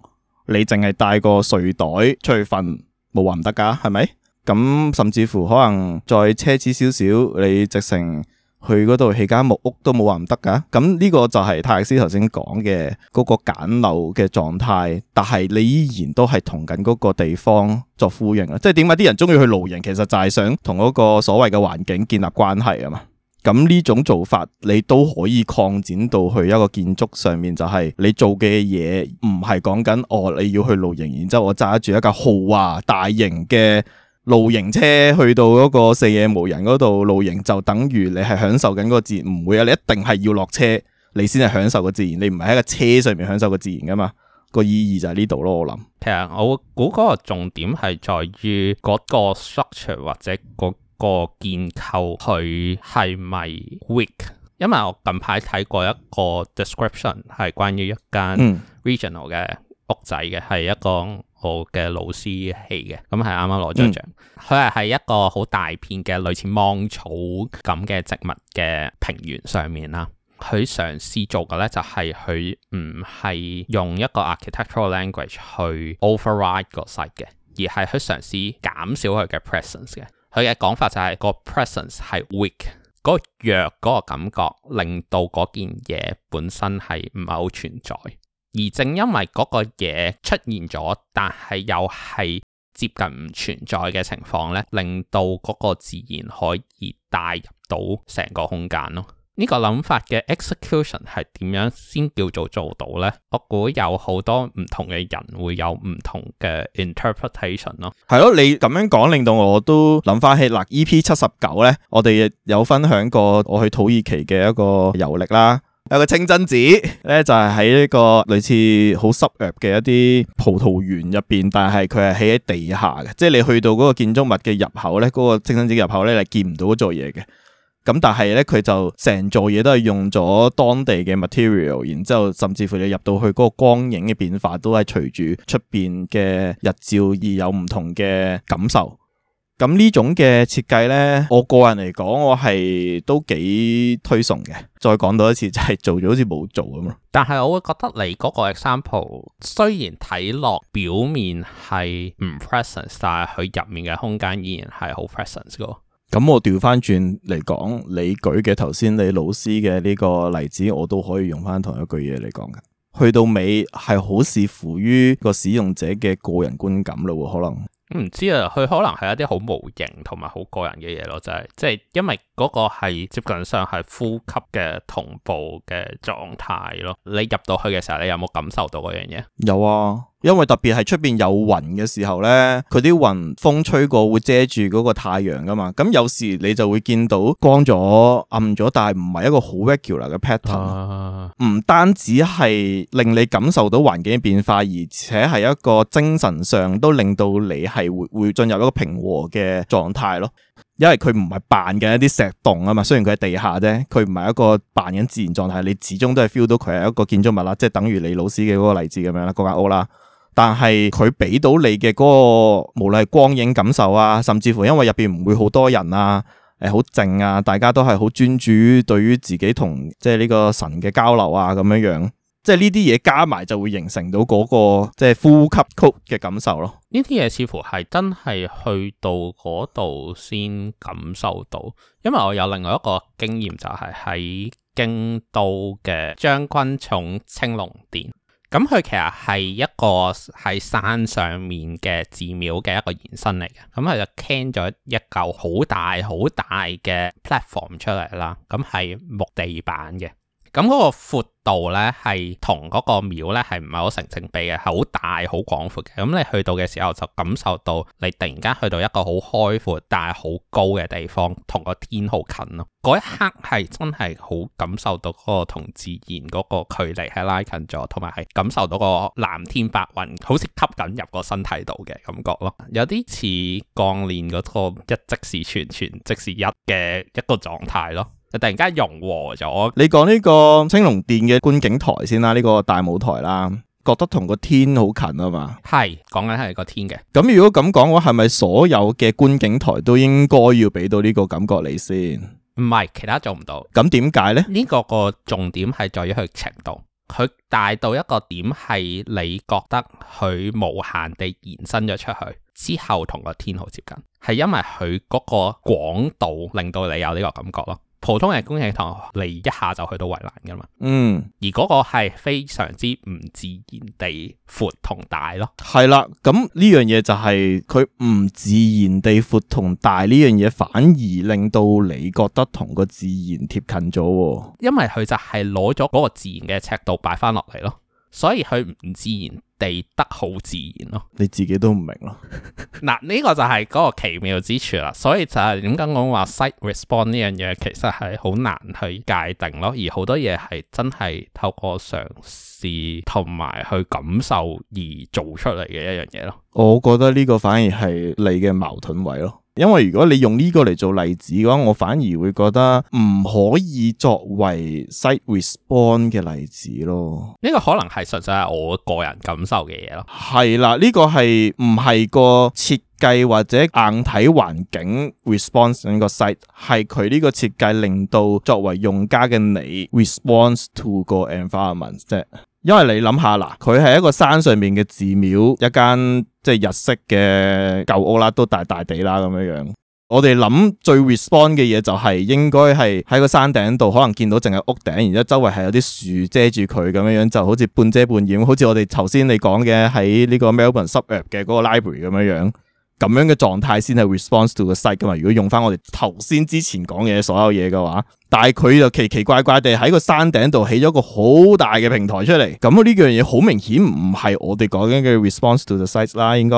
你淨係帶個睡袋出去瞓，冇話唔得㗎，係咪？咁甚至乎可能再奢侈少少，你直成。去嗰度起間木屋都冇話唔得噶，咁呢個就係泰斯頭先講嘅嗰個簡陋嘅狀態，但係你依然都係同緊嗰個地方作呼應啊！即係點解啲人中意去露營，其實就係想同嗰個所謂嘅環境建立關係啊嘛。咁呢種做法你都可以擴展到去一個建築上面，就係你做嘅嘢唔係講緊哦，你要去露營，然之後我揸住一架豪華大型嘅。露營車去到嗰個四野無人嗰度露營，就等於你係享受緊個自然，唔會啊！你一定係要落車，你先係享受個自然。你唔係喺個車上面享受個自然噶嘛？個意義就喺呢度咯，我諗。其實我估嗰個重點係在於嗰個 structure 或者嗰個結構佢係咪 weak？因為我近排睇過一個 description 係關於一間 regional 嘅屋仔嘅，係、嗯、一個。我嘅老師戲嘅，咁係啱啱攞咗獎。佢係係一個好大片嘅類似芒草咁嘅植物嘅平原上面啦。佢嘗試做嘅呢，就係佢唔係用一個 architectural language 去 override 個 site 嘅，而係佢嘗試減少佢嘅 presence 嘅。佢嘅講法就係個 presence 係 weak，個弱嗰個感覺令到嗰件嘢本身係唔係好存在。而正因為嗰個嘢出現咗，但係又係接近唔存在嘅情況咧，令到嗰個自然可以帶入到成個空間咯。呢個諗法嘅 execution 係點樣先叫做做到呢？我估有好多唔同嘅人會有唔同嘅 interpretation 咯。係咯，你咁樣講令到我都諗翻起嗱，E.P. 七十九咧，我哋有分享過我去土耳其嘅一個遊歷啦。有個清真寺咧，就係喺呢個類似好濕潤嘅一啲葡萄園入邊，但係佢係起喺地下嘅，即係你去到嗰個建築物嘅入口咧，嗰、嗰個清真寺入口咧，你見唔到座嘢嘅。咁但係咧，佢就成座嘢都係用咗當地嘅 material，然之後甚至乎你入到去嗰個光影嘅變化，都係隨住出邊嘅日照而有唔同嘅感受。咁呢種嘅設計咧，我個人嚟講，我係都幾推崇嘅。再講多一次，就係、是、做咗好似冇做咁咯。但係我會覺得你嗰個 example，雖然睇落表面係唔 presence，但係佢入面嘅空間依然係好 presence 咯。咁、嗯、我調翻轉嚟講，你舉嘅頭先你老師嘅呢個例子，我都可以用翻同一句嘢嚟講㗎。去到尾係好視乎於個使用者嘅個人觀感咯，可能。唔知啊，佢可能係一啲好無形同埋好個人嘅嘢咯，就係即係因為嗰個係接近上係呼吸嘅同步嘅狀態咯。你入到去嘅時候，你有冇感受到嗰樣嘢？有啊。因為特別係出邊有雲嘅時候咧，佢啲雲風吹過會遮住嗰個太陽噶嘛，咁有時你就會見到光咗暗咗，但係唔係一個好 regular 嘅 pattern，唔單止係令你感受到環境嘅變化，而且係一個精神上都令到你係會會進入一個平和嘅狀態咯。因為佢唔係扮緊一啲石洞啊嘛，雖然佢喺地下啫，佢唔係一個扮緊自然狀態，你始終都係 feel 到佢係一個建築物啦，即係等於你老師嘅嗰個例子咁樣啦，嗰間屋啦。但係佢俾到你嘅嗰個，無論係光影感受啊，甚至乎因為入邊唔會好多人啊，誒好靜啊，大家都係好專注於對於自己同即係呢個神嘅交流啊，咁樣樣，即係呢啲嘢加埋就會形成到嗰個即係呼吸曲嘅感受咯。呢啲嘢似乎係真係去到嗰度先感受到，因為我有另外一個經驗就係喺京都嘅將軍塚青龍殿。咁佢其實係一個喺山上面嘅寺廟嘅一個延伸嚟嘅，咁佢就建咗一嚿好大好大嘅 platform 出嚟啦，咁係木地板嘅。咁嗰個闊度呢，係同嗰個廟呢係唔係好成正比嘅，係好大，好廣闊嘅。咁你去到嘅時候，就感受到你突然間去到一個好開闊但係好高嘅地方，同個天好近咯。嗰一刻係真係好感受到嗰個同自然嗰個距離係拉近咗，同埋係感受到個藍天白雲好似吸緊入個身體度嘅感覺咯。有啲似鋼煉嗰個一即是全，全即是一嘅一個狀態咯。就突然間融和咗。你講呢個青龍殿嘅觀景台先啦，呢個大舞台啦，覺得同個天好近啊嘛。係講緊係個天嘅。咁如果咁講嘅話，我，係咪所有嘅觀景台都應該要俾到呢個感覺你先？唔係，其他做唔到。咁點解呢？呢個個重點係在於佢尺度，佢大到一個點，係你覺得佢無限地延伸咗出去之後，同個天好接近，係因為佢嗰個廣度令到你有呢個感覺咯。普通人公園嘅你一下就去到圍欄㗎嘛，嗯，而嗰個係非常之唔自然地闊同大咯，係啦，咁呢樣嘢就係佢唔自然地闊同大呢樣嘢，反而令到你覺得同個自然貼近咗，啊，因為佢就係攞咗嗰個自然嘅尺度擺翻落嚟咯。所以佢唔自然地得好自然咯，你自己都唔明咯。嗱，呢個就係嗰個奇妙之處啦。所以就係點解我話 site respond 呢樣嘢，其實係好難去界定咯。而好多嘢係真係透過嘗試同埋去感受而做出嚟嘅一樣嘢咯。我覺得呢個反而係你嘅矛盾位咯。因為如果你用呢個嚟做例子嘅話，我反而會覺得唔可以作為 site response 嘅例子咯。呢個可能係實際係我個人感受嘅嘢咯。係啦，呢、呢個係唔係個設計或者硬體環境 response 呢個 site？係佢呢個設計令到作為用家嘅你 response to 個 environment 啫。因為你諗下嗱，佢係一個山上面嘅寺廟，一間即係日式嘅舊屋啦，都大大地啦咁樣樣。我哋諗最 respond 嘅嘢就係、是、應該係喺個山頂度，可能見到淨係屋頂，然之後周圍係有啲樹遮住佢咁樣樣，就好似半遮半掩，好似我哋頭先你講嘅喺呢個 Melbourne Suburb 嘅嗰個 library 咁樣樣。咁樣嘅狀態先係 response to the site 噶嘛？如果用翻我哋頭先之前講嘅所有嘢嘅話，但係佢就奇奇怪怪地喺個山頂度起咗個好大嘅平台出嚟。咁呢樣嘢好明顯唔係我哋講緊嘅 response to the site 啦，應該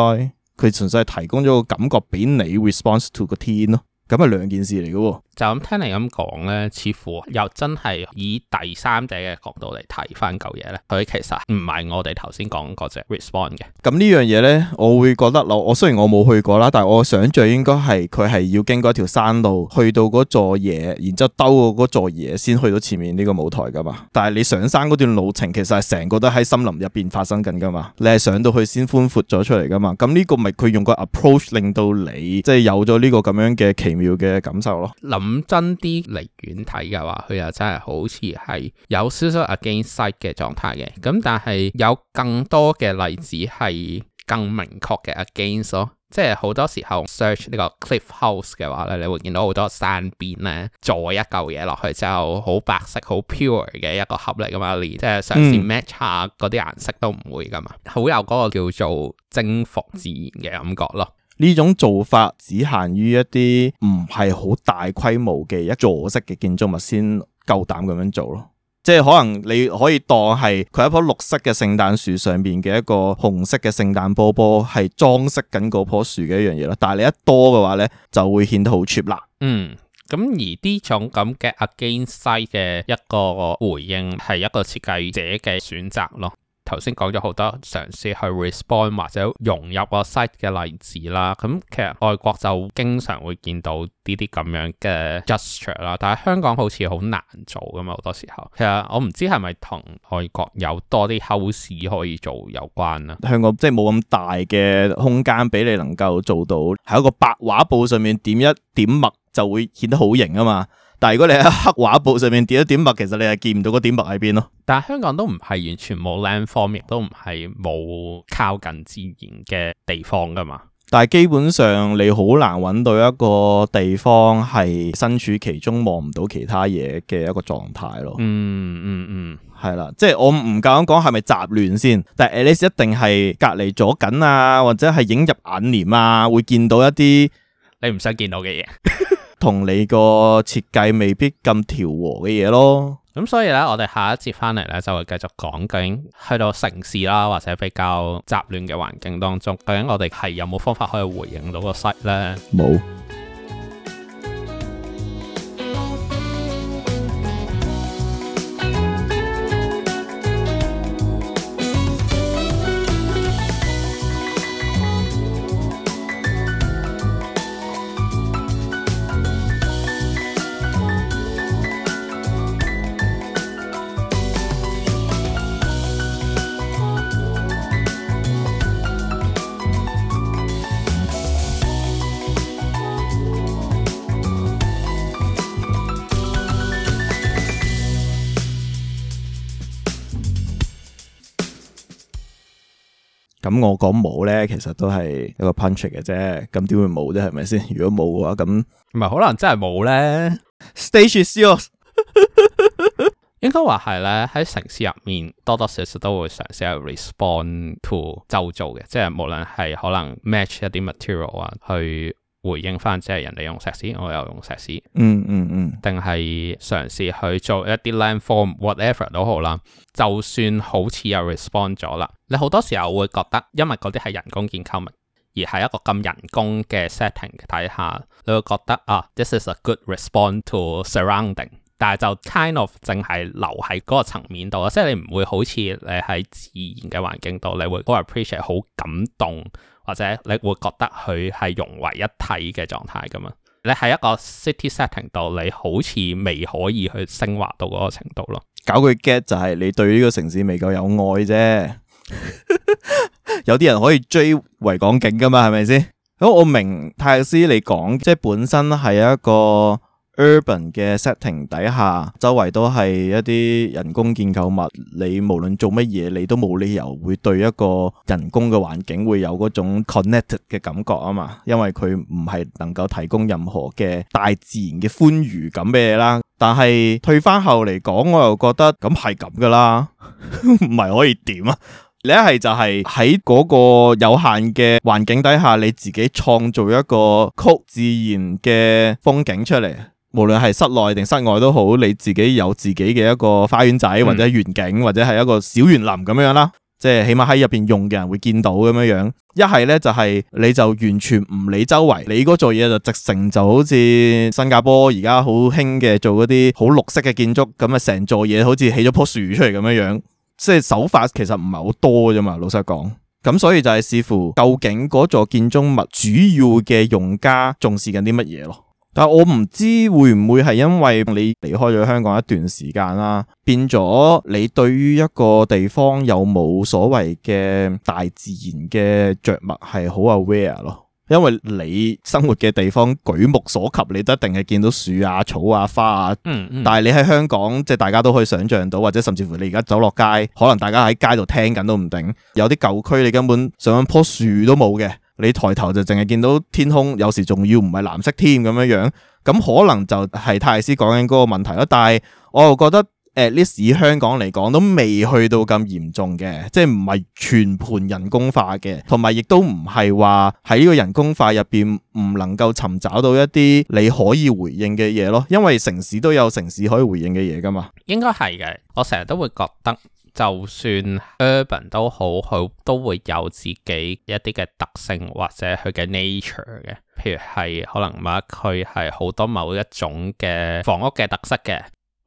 佢純粹係提供咗個感覺俾你 response to 個 team 咯。咁係兩件事嚟嘅喎。就咁聽你咁講咧，似乎又真係以第三者嘅角度嚟睇翻嚿嘢咧。佢其實唔係我哋頭先講嗰隻 respond 嘅。咁呢樣嘢咧，我會覺得我我雖然我冇去過啦，但係我想像應該係佢係要經過一條山路去到嗰座嘢，然之後兜過嗰座嘢先去到前面呢個舞台㗎嘛。但係你上山嗰段路程其實係成個都喺森林入邊發生緊㗎嘛。你係上到去先寬闊咗出嚟㗎嘛。咁呢個咪佢用個 approach 令到你即係、就是、有咗呢個咁樣嘅奇妙嘅感受咯。諗咁真啲嚟遠睇嘅話，佢又真係好似係有少少 against site 嘅狀態嘅。咁但係有更多嘅例子係更明確嘅 against 咯。即係好多時候 search 呢個 cliff house 嘅話咧，你會見到好多山邊咧，載一嚿嘢落去之後，好白色、好 pure 嘅一個盒嚟噶嘛。即係嘗試 match 下嗰啲、嗯、顏色都唔會噶嘛，好有嗰個叫做征服自然嘅感覺咯。呢種做法只限於一啲唔係好大規模嘅一座式嘅建築物先夠膽咁樣做咯，即係可能你可以當係佢一樖綠色嘅聖誕樹上面嘅一個紅色嘅聖誕波波係裝飾緊嗰樖樹嘅一樣嘢咯，但係你一多嘅話咧就會顯得好 cheap 啦。嗯，咁而啲種咁嘅 against site 嘅一個回應係一個設計者嘅選擇咯。頭先講咗好多嘗試去 respond 或者融入個 site 嘅例子啦，咁其實外國就經常會見到呢啲咁樣嘅 gesture 啦，但係香港好似好難做噶嘛，好多時候其實我唔知係咪同外國有多啲好 site 可以做有關啊？香港即係冇咁大嘅空間俾你能夠做到，喺一個白畫布上面點一點墨就會顯得好型啊嘛～但係如果你喺黑畫布上面跌咗點墨，其實你係見唔到個點墨喺邊咯。但係香港都唔係完全冇 landform，都唔係冇靠近自然嘅地方噶嘛。但係基本上你好難揾到一個地方係身處其中望唔到其他嘢嘅一個狀態咯。嗯嗯嗯，係、嗯、啦、嗯，即係我唔夠膽講係咪雜亂先？但係至少一定係隔離咗緊啊，或者係影入眼簾啊，會見到一啲你唔想見到嘅嘢。 同你個設計未必咁調和嘅嘢咯，咁所以呢，我哋下一節翻嚟，呢就會繼續講，究竟去到城市啦，或者比較雜亂嘅環境當中，究竟我哋係有冇方法可以回應到個 site 呢？冇。我講冇咧，其實都係一個 punch 嘅啫，咁點會冇啫？係咪先？如果冇嘅話，咁唔係可能真係冇咧。Stage shows is 應該話係咧，喺城市入面多多少少都會嘗試下 respond to 周遭嘅，即係無論係可能 match 一啲 material 啊去。回應翻即係人哋用石屎，我又用石屎，嗯嗯嗯，定係嘗試去做一啲 landform，whatever 都好啦。就算好似有 respond 咗啦，你好多時候會覺得，因為嗰啲係人工建構物，而係一個咁人工嘅 setting 底下，你會覺得啊、ah，this is a good respond to surrounding，但係就 kind of 淨係留喺嗰個層面度啊，即係你唔會好似你喺自然嘅環境度，你會好 appreciate 好感動。或者你會覺得佢係融為一體嘅狀態㗎嘛。你喺一個 city setting 度，你好似未可以去升華到嗰個程度咯。搞句 get 就係你對呢個城市未夠有愛啫。 有啲人可以追維港景噶嘛，係咪先？咁我明泰斯你講即係本身係一個。Urban 嘅 setting 底下，周圍都係一啲人工建構物。你無論做乜嘢，你都冇理由會對一個人工嘅環境會有嗰種 connect 嘅感覺啊嘛。因為佢唔係能夠提供任何嘅大自然嘅寬愉感嘅嘢啦。但係退翻後嚟講，我又覺得咁係咁噶啦，唔係 可以點啊？你一係就係喺嗰個有限嘅環境底下，你自己創造一個曲自然嘅風景出嚟。無論係室內定室外都好，你自己有自己嘅一個花園仔、嗯、或者園景，或者係一個小園林咁樣啦，即係起碼喺入邊用嘅人會見到咁樣樣。一係呢，就係、是、你就完全唔理周圍，你嗰座嘢就直成就好似新加坡而家好興嘅做嗰啲好綠色嘅建築，咁啊成座嘢好似起咗棵樹出嚟咁樣樣。即係手法其實唔係好多啫嘛，老實講。咁所以就係視乎究竟嗰座建築物主要嘅用家重視緊啲乜嘢咯。但我唔知會唔會係因為你離開咗香港一段時間啦，變咗你對於一個地方有冇所謂嘅大自然嘅着物係好 aware 咯？因為你生活嘅地方舉目所及，你都一定係見到樹啊、草啊、花啊。嗯嗯。但係你喺香港，即係大家都可以想象到，或者甚至乎你而家走落街，可能大家喺街度聽緊都唔定，有啲舊區你根本上一樖樹都冇嘅。你抬頭就淨係見到天空，有時仲要唔係藍色添咁樣樣，咁可能就係泰斯講緊嗰個問題咯。但係我又覺得，誒，至少香港嚟講都未去到咁嚴重嘅，即係唔係全盤人工化嘅，同埋亦都唔係話喺呢個人工化入邊唔能夠尋找到一啲你可以回應嘅嘢咯。因為城市都有城市可以回應嘅嘢㗎嘛。應該係嘅，我成日都會覺得。就算 urban 都好，佢都會有自己一啲嘅特性或者佢嘅 nature 嘅，譬如係可能某一區係好多某一種嘅房屋嘅特色嘅。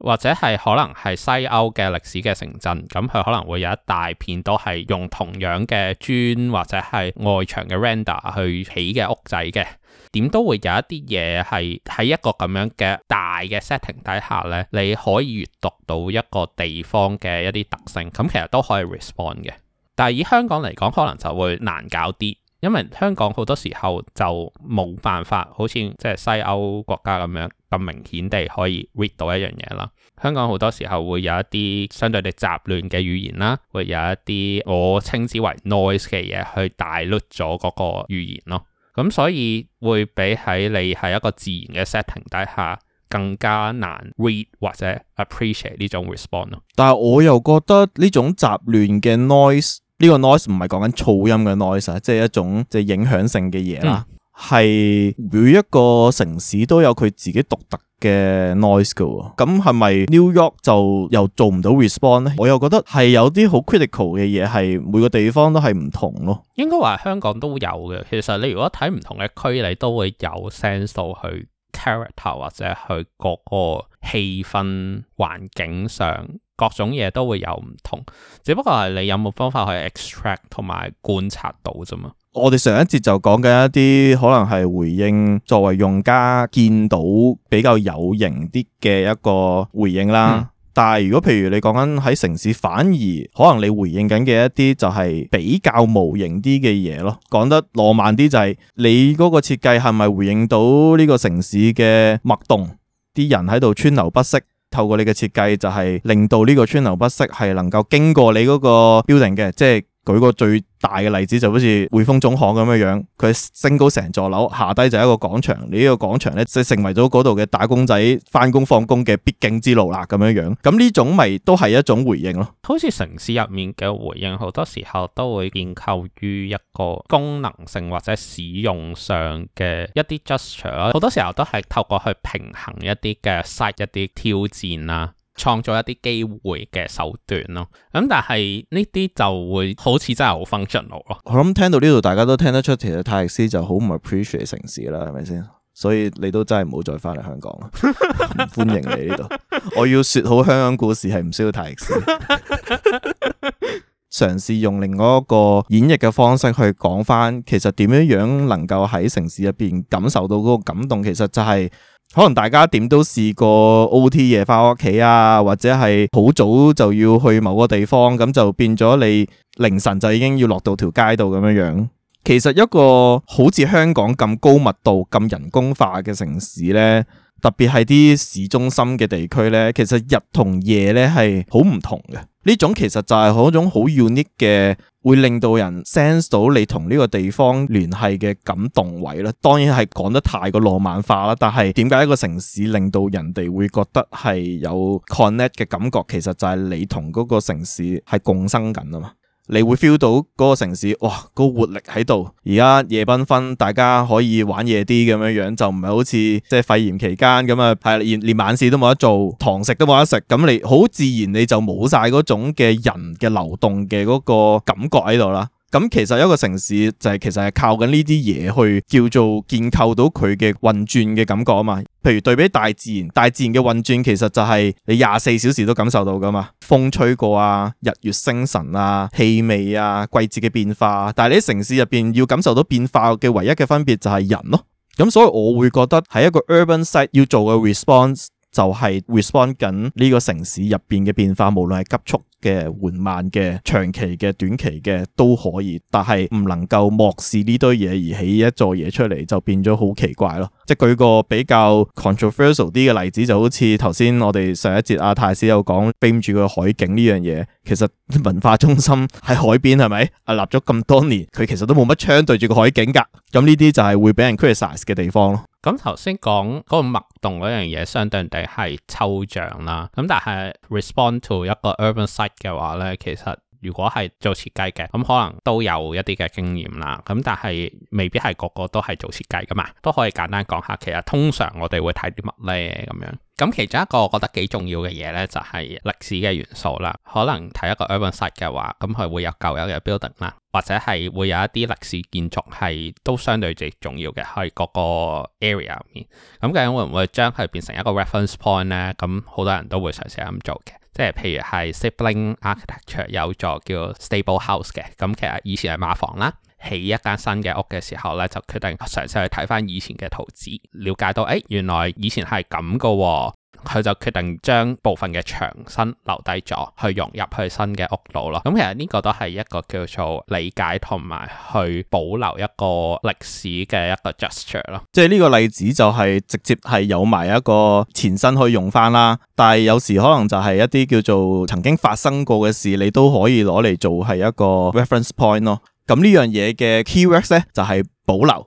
或者係可能係西歐嘅歷史嘅城鎮，咁佢可能會有一大片都係用同樣嘅磚或者係外牆嘅 render 去起嘅屋仔嘅，點都會有一啲嘢係喺一個咁樣嘅大嘅 setting 底下呢，你可以閲讀到一個地方嘅一啲特性，咁其實都可以 respond 嘅。但係以香港嚟講，可能就會難搞啲，因為香港好多時候就冇辦法，好似即係西歐國家咁樣。咁明顯地可以 read 到一樣嘢啦。香港好多時候會有一啲相對地雜亂嘅語言啦，會有一啲我稱之為 noise 嘅嘢去大擷咗嗰個語言咯。咁所以會比喺你係一個自然嘅 setting 底下更加難 read 或者 appreciate 呢種 response 咯。但係我又覺得呢種雜亂嘅 noise，呢個 noise 唔係講緊噪音嘅 noise 啊，即係一種即係影響性嘅嘢啦。嗯係每一個城市都有佢自己獨特嘅 noise 噶，咁係咪 New York 就又做唔到 response 呢？我又覺得係有啲好 critical 嘅嘢，係每個地方都係唔同咯。應該話香港都有嘅。其實你如果睇唔同嘅區，你都會有 sense 去 character 或者去各個氣氛環境上各種嘢都會有唔同，只不過係你有冇方法去 extract 同埋觀察到啫嘛。我哋上一節就講緊一啲可能係回應作為用家見到比較有形啲嘅一個回應啦，嗯、但係如果譬如你講緊喺城市，反而可能你回應緊嘅一啲就係比較無形啲嘅嘢咯。講得浪漫啲就係、係、你嗰個設計係咪回應到呢個城市嘅脈動？啲人喺度川流不息，透過你嘅設計就係令到呢個川流不息係能夠經過你嗰個 building 嘅，即係。舉個最大嘅例子就好似匯豐總行咁樣樣，佢升高成座樓，下低就一個廣場。你、這、呢個廣場咧，即係成為咗嗰度嘅打工仔翻工放工嘅必經之路啦，咁樣樣。咁呢種咪都係一種回應咯。好似城市入面嘅回應，好多時候都會建構於一個功能性或者使用上嘅一啲 gesture，好多時候都係透過去平衡一啲嘅 set 一啲挑戰啦。創造一啲機會嘅手段咯，咁但係呢啲就會好似真係好 functional 咯。我諗聽到呢度，大家都聽得出，其實泰克斯就好唔 appreciate 城市啦，係咪先？所以你都真係唔好再翻嚟香港啦，唔 歡迎你呢度。 我要說好香港故事係唔需要泰克斯，嘗 試用另外一個演繹嘅方式去講翻，其實點樣樣能夠喺城市入邊感受到嗰個感動，其實就係、是。可能大家點都試過 OT 夜翻屋企啊，或者係好早就要去某個地方，咁就變咗你凌晨就已經要落到條街度咁樣樣。其實一個好似香港咁高密度，咁人工化嘅城市呢，特別係啲市中心嘅地區呢，其實日同夜呢係好唔同嘅。呢種其實就係嗰種好 unique 嘅，會令到人 sense 到你同呢個地方聯繫嘅感動位咯。當然係講得太過浪漫化啦，但係點解一個城市令到人哋會覺得係有 connect 嘅感覺？其實就係你同嗰個城市係共生緊啊嘛。你會 feel 到嗰個城市，哇，嗰個活力喺度。而家夜繽紛，大家可以玩夜啲咁樣樣，就唔係好似即係肺炎期間咁啊，係連連晚市都冇得做，堂食都冇得食，咁你好自然你就冇晒嗰種嘅人嘅流動嘅嗰個感覺喺度啦。咁其實一個城市就係其實係靠緊呢啲嘢去叫做建構到佢嘅運轉嘅感覺啊嘛，譬如對比大自然，大自然嘅運轉其實就係你廿四小時都感受到噶嘛，風吹過啊，日月星辰啊，氣味啊，季節嘅變化，但係你喺城市入邊要感受到變化嘅唯一嘅分別就係人咯，咁所以我會覺得係一個 urban site 要做嘅 response。就係 respond 緊呢個城市入邊嘅變化，無論係急速嘅、緩慢嘅、長期嘅、短期嘅都可以，但係唔能夠漠視呢堆嘢而起一座嘢出嚟，就變咗好奇怪咯。即係舉個比較 controversial 啲嘅例子，就好似頭先我哋上一節阿泰斯有講，避唔住個海景呢樣嘢，其實文化中心喺海邊係咪？啊，立咗咁多年，佢其實都冇乜窗對住個海景㗎。咁呢啲就係會俾人 criticise 嘅地方咯。咁頭先講嗰個脈動嗰樣嘢，相對地係抽象啦。咁但係 respond to 一個 urban site 嘅話咧，其實。如果係做設計嘅，咁可能都有一啲嘅經驗啦。咁但係未必係個個都係做設計噶嘛，都可以簡單講下。其實通常我哋會睇啲乜咧咁樣。咁其中一個我覺得幾重要嘅嘢咧，就係歷史嘅元素啦。可能睇一個 urban site 嘅話，咁佢會有舊有嘅 building 啦，或者係會有一啲歷史建築係都相對最重要嘅喺個個 area 入面。咁究竟會唔會將佢變成一個 reference point 咧？咁好多人都會嘗試咁做嘅。即係譬如係 Sibling Architecture 有座叫 Stable House 嘅，咁其實以前係馬房啦。起一間新嘅屋嘅時候咧，就決定嘗試去睇翻以前嘅圖紙，了解到誒、哎、原來以前係咁噶喎。佢就決定將部分嘅牆身留低咗，去融入去新嘅屋度咯。咁其實呢個都係一個叫做理解同埋去保留一個歷史嘅一個 gesture 咯。即係呢個例子就係直接係有埋一個前身可以用翻啦。但係有時可能就係一啲叫做曾經發生過嘅事，你都可以攞嚟做係一個 reference point 咯。咁呢樣嘢嘅 keywords 咧就係保留。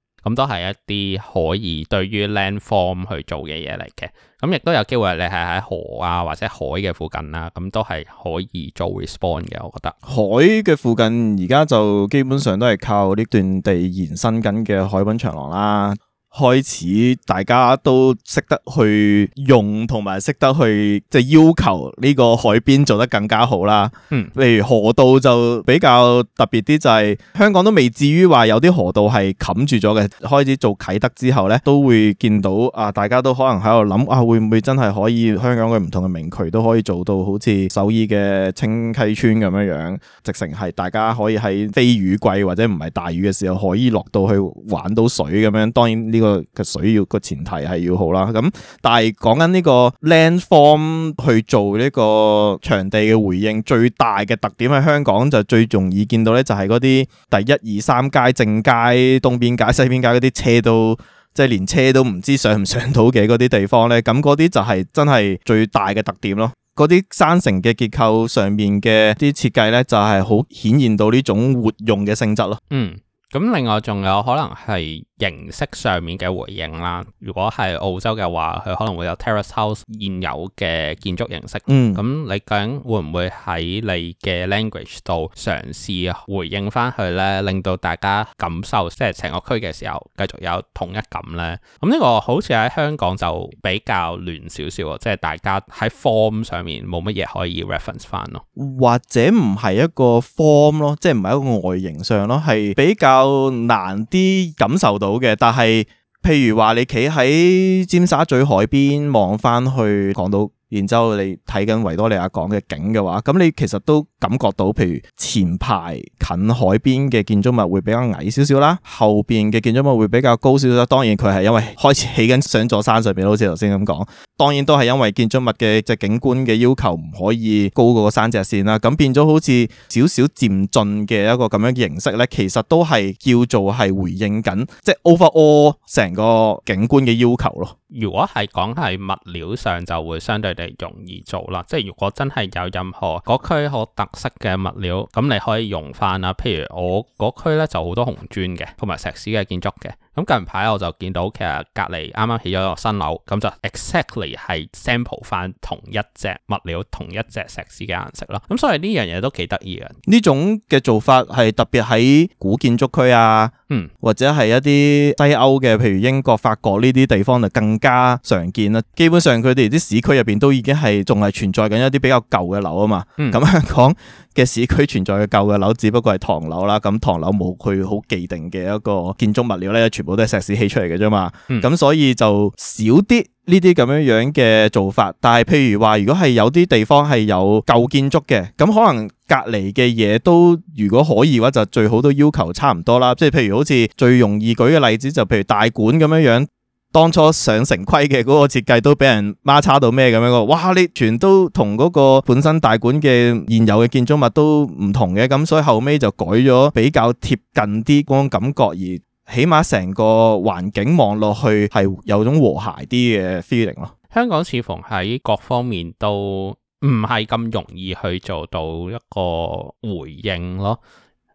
咁都係一啲可以對於 landform 去做嘅嘢嚟嘅，咁亦都有機會你係喺河啊或者海嘅附近啦，啊，咁都係可以做 respond 嘅，我覺得。海嘅附近而家就基本上都係靠呢段地延伸緊嘅海濱長廊啦。開始大家都識得去用，同埋識得去即係要求呢個海邊做得更加好啦。嗯，譬如河道就比較特別啲，就係、是、香港都未至於話有啲河道係冚住咗嘅。開始做啟德之後咧，都會見到啊，大家都可能喺度諗啊，會唔會真係可以香港嘅唔同嘅明渠都可以做到好似首爾嘅清溪川咁樣樣，直情係大家可以喺非雨季或者唔係大雨嘅時候可以落到去玩到水咁樣。當然呢、這個。個個水要個前提係要好啦，咁但係講緊呢個 landform 去做呢個場地嘅回應，最大嘅特點喺香港就最容易見到咧，就係嗰啲第一、二、三街、正街、東邊街、西邊街嗰啲車都即係連車都唔知上唔上到嘅嗰啲地方咧，咁嗰啲就係真係最大嘅特點咯。嗰啲山城嘅結構上面嘅啲設計咧，就係好顯現到呢種活用嘅性質咯。嗯。咁另外仲有可能係形式上面嘅回應啦。如果係澳洲嘅話，佢可能會有 Terrace House 現有嘅建築形式。嗯，咁你究竟會唔會喺你嘅 language 度嘗試回應翻去咧，令到大家感受即係成個區嘅時候繼續有統一感咧？咁呢個好似喺香港就比較亂少少，即係大家喺 form 上面冇乜嘢可以 reference 翻咯，或者唔係一個 form 咯，即係唔係一個外形上咯，係比較。就難啲感受到嘅，但係譬如話你企喺尖沙咀海邊望返去，港島。然之後你睇緊維多利亞港嘅景嘅話，咁你其實都感覺到，譬如前排近海邊嘅建築物會比較矮少少啦，後邊嘅建築物會比較高少少。當然佢係因為開始起緊上座山上邊好似頭先咁講。當然都係因為建築物嘅即景觀嘅要求唔可以高過個山脊線啦。咁變咗好似少少漸進嘅一個咁樣形式呢，其實都係叫做係回應緊即係 overall 成個景觀嘅要求咯。如果係講係物料上就會相對。容易做啦，即係如果真係有任何嗰區好特色嘅物料，咁你可以用翻啊。譬如我嗰區咧就好多紅磚嘅，同埋石屎嘅建築嘅。咁近排我就見到，其實隔離啱啱起咗個新樓，咁就 exactly 係 sample 翻同一隻物料、同一隻石屎嘅顏色咯。咁所以呢樣嘢都幾得意嘅。呢種嘅做法係特別喺古建築區啊，嗯，或者係一啲西歐嘅，譬如英國、法國呢啲地方就更加常見啦。基本上佢哋啲市區入邊都已經係仲係存在緊一啲比較舊嘅樓啊嘛。咁香港嘅市區存在嘅舊嘅樓，只不過係唐樓啦。咁唐樓冇佢好既定嘅一個建築物料咧。全部都係石屎起出嚟嘅啫嘛，咁、嗯、所以就少啲呢啲咁樣樣嘅做法。但係譬如話，如果係有啲地方係有舊建築嘅，咁可能隔籬嘅嘢都如果可以嘅話，就最好都要求差唔多啦。即係譬如好似最容易舉嘅例子，就譬如大館咁樣樣，當初上城規嘅嗰個設計都俾人孖叉到咩咁樣個，哇！你全都同嗰個本身大館嘅現有嘅建築物都唔同嘅，咁所以後尾就改咗比較貼近啲嗰種感覺而。起碼成個環境望落去係有種和諧啲嘅 feeling 咯。香港似乎喺各方面都唔係咁容易去做到一個回應咯。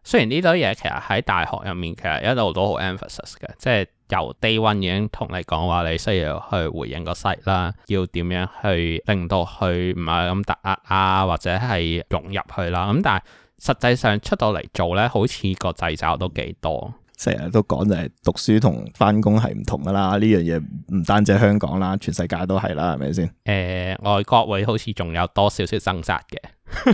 雖然呢堆嘢其實喺大學入面其實一路都好 emphasis 嘅，即係由 day one 已經同你講話你需要去回應個 site 啦，要點樣去令到佢唔係咁突壓啊，或者係融入去啦。咁但係實際上出到嚟做呢，好似個掣肘都幾多。成日都講就係讀書同返工係唔同噶啦，呢樣嘢唔單止香港啦，全世界都係啦，係咪先？誒、呃，外國位好似仲有多少少掙扎嘅，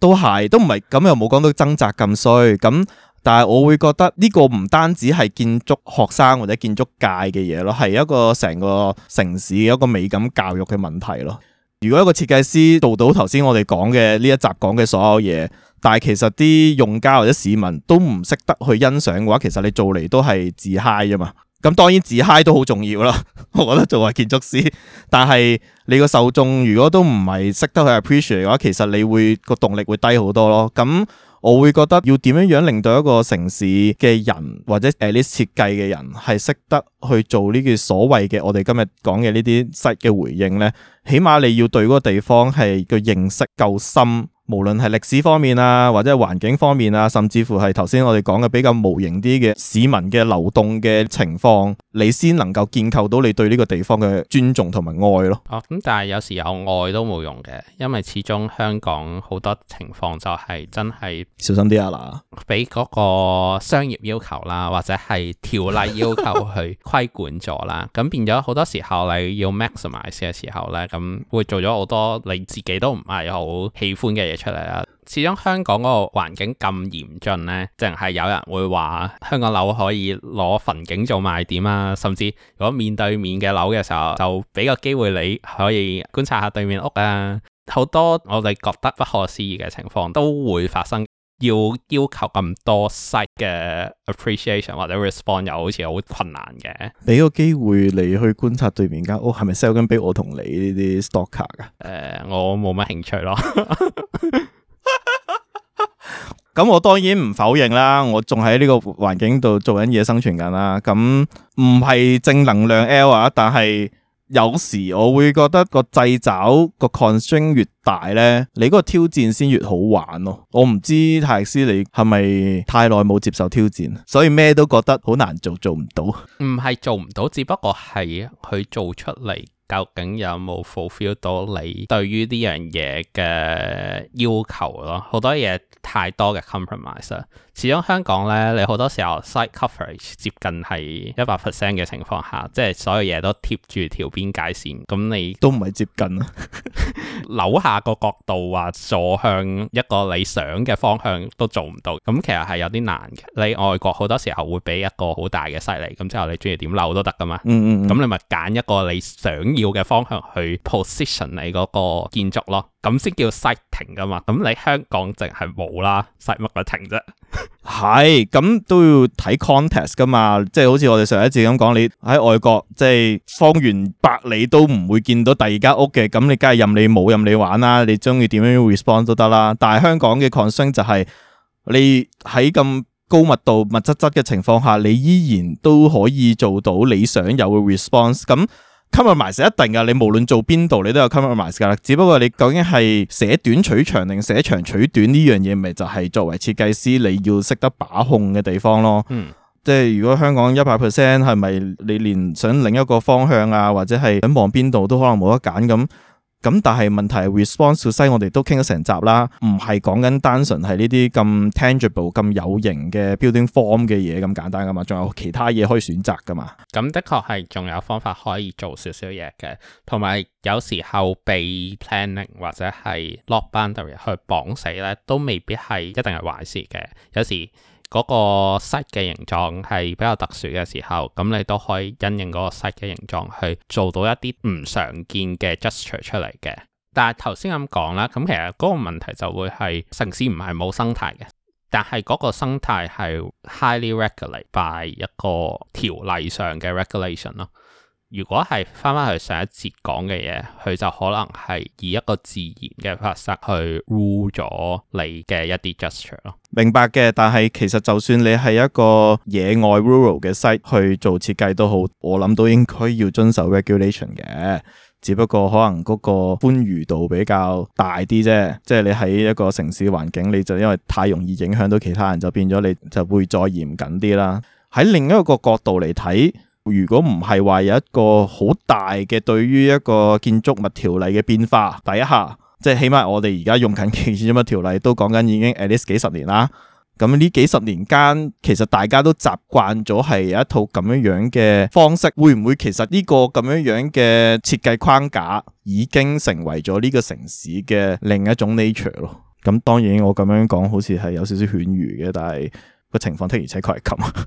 都係，都唔係咁，又冇講到掙扎咁衰。咁但係我會覺得呢個唔單止係建築學生或者建築界嘅嘢咯，係一個成個城市嘅一個美感教育嘅問題咯。如果一個設計師做到頭先我哋講嘅呢一集講嘅所有嘢，但係其實啲用家或者市民都唔識得去欣賞嘅話，其實你做嚟都係自 high 啫嘛。咁當然自 high 都好重要啦，我覺得做為建築師，但係你個受眾如果都唔係識得去 appreciate 嘅話，其實你會個動力會低好多咯。咁我會覺得要點樣樣令到一個城市嘅人，或者誒你設計嘅人係識得去做呢個所謂嘅我哋今日講嘅呢啲 Site 嘅回應咧，起碼你要對嗰個地方係個認識夠深。無論係歷史方面啊，或者係環境方面啊，甚至乎係頭先我哋講嘅比較無形啲嘅市民嘅流動嘅情況，你先能夠建構到你對呢個地方嘅尊重同埋愛咯。哦，咁但係有時候有愛都冇用嘅，因為始終香港好多情況就係真係小心啲啊啦，俾嗰個商業要求啦，或者係條例要求去規管咗啦，咁 變咗好多時候你要 maximize 嘅時候咧，咁會做咗好多你自己都唔係好喜歡嘅出嚟啦！始終香港嗰個環境咁嚴峻呢，淨係有，有人會話香港樓可以攞墳景做賣點啊，甚至如果面對面嘅樓嘅時候，就俾個機會你可以觀察下對面屋啊，好多我哋覺得不可思議嘅情況都會發生。要要求咁多 site 嘅 appreciation 或者 respond 又好似好困難嘅。俾個機會你去觀察對面間屋係咪 sell 緊俾我同你呢啲 stocker 噶？誒、呃，我冇乜興趣咯。咁我當然唔否認啦，我仲喺呢個環境度做緊嘢生存緊啦。咁唔係正能量 L 啊，但係。有時我會覺得個掣爪個 constraint 越大呢，你嗰個挑戰先越好玩咯、哦。我唔知泰斯你係咪太耐冇接受挑戰，所以咩都覺得好難做，做唔到。唔係做唔到，只不過係佢做出嚟究竟有冇 fulfill 到你對於呢樣嘢嘅要求咯。好多嘢太多嘅 compromise。始終香港咧，你好多時候 site coverage 接近係一百 percent 嘅情況下，即係所有嘢都貼住條邊界線，咁你都唔係接近啊。 扭下個角度話，坐向一個你想嘅方向都做唔到，咁其實係有啲難嘅。你外國好多時候會俾一個好大嘅勢力，咁之後你中意點扭都得噶嘛。咁、嗯嗯嗯、你咪揀一個你想要嘅方向去 position 你嗰個建築咯。咁先叫塞停噶嘛？咁你香港淨係冇啦，塞乜嘅停啫、啊？係咁 都要睇 context 噶嘛？即、就、係、是，好似我哋上一次咁講，你喺外國即係、就是、方圓百里都唔會見到第二間屋嘅，咁你梗係任你冇、任你玩啦，你中意點樣 response 都得啦。但係香港嘅 concern 就係、是、你喺咁高密度、密質質嘅情況下，你依然都可以做到你想有嘅 response 咁。Cover 吸引埋是一定㗎，你無論做邊度，你都有 Cover 吸引埋㗎啦。只不過你究竟係寫短取長定寫長取短呢樣嘢，咪就係作為設計師你要識得把控嘅地方咯。嗯，即係如果香港一百 percent 係咪你連想另一個方向啊，或者係想望邊度都可能冇得揀咁？咁但係問題係 response to site，我哋都傾咗成集啦，唔係講緊單純係呢啲咁 tangible 咁有型嘅 building form 嘅嘢咁簡單噶嘛，仲有其他嘢可以選擇噶嘛。咁的確係仲有方法可以做少少嘢嘅，同埋有，有時候被 planning 或者係 lock boundary 去綁死咧，都未必係一定係壞事嘅，有時。嗰個 site 嘅形狀係比較特殊嘅時候，咁你都可以因應嗰個 site 嘅形狀去做到一啲唔常見嘅 structure 出嚟嘅。但係頭先咁講啦，咁其實嗰個問題就會係城市唔係冇生態嘅，但係嗰個生態係 highly regulated by 一個條例上嘅 regulation 咯。如果係翻翻去上一節講嘅嘢，佢就可能係以一個自然嘅發生去污咗你嘅一啲 gesture 咯。明白嘅，但係其實就算你係一個野外 rural 嘅 site 去做設計都好，我諗都應該要遵守 regulation 嘅。只不過可能嗰個寬裕度比較大啲啫，即係你喺一個城市環境，你就因為太容易影響到其他人，就變咗你就會再嚴謹啲啦。喺另一個角度嚟睇。如果唔係話有一個好大嘅對於一個建築物條例嘅變化底下，即係起碼我哋而家用緊建築物條例都講緊已經 at least 幾十年啦。咁呢幾十年間，其實大家都習慣咗係有一套咁樣樣嘅方式，會唔會其實呢個咁樣樣嘅設計框架已經成為咗呢個城市嘅另一種 nature 咯？咁當然我咁樣講好似係有少少犬儒嘅，但係個情況的而且確係咁。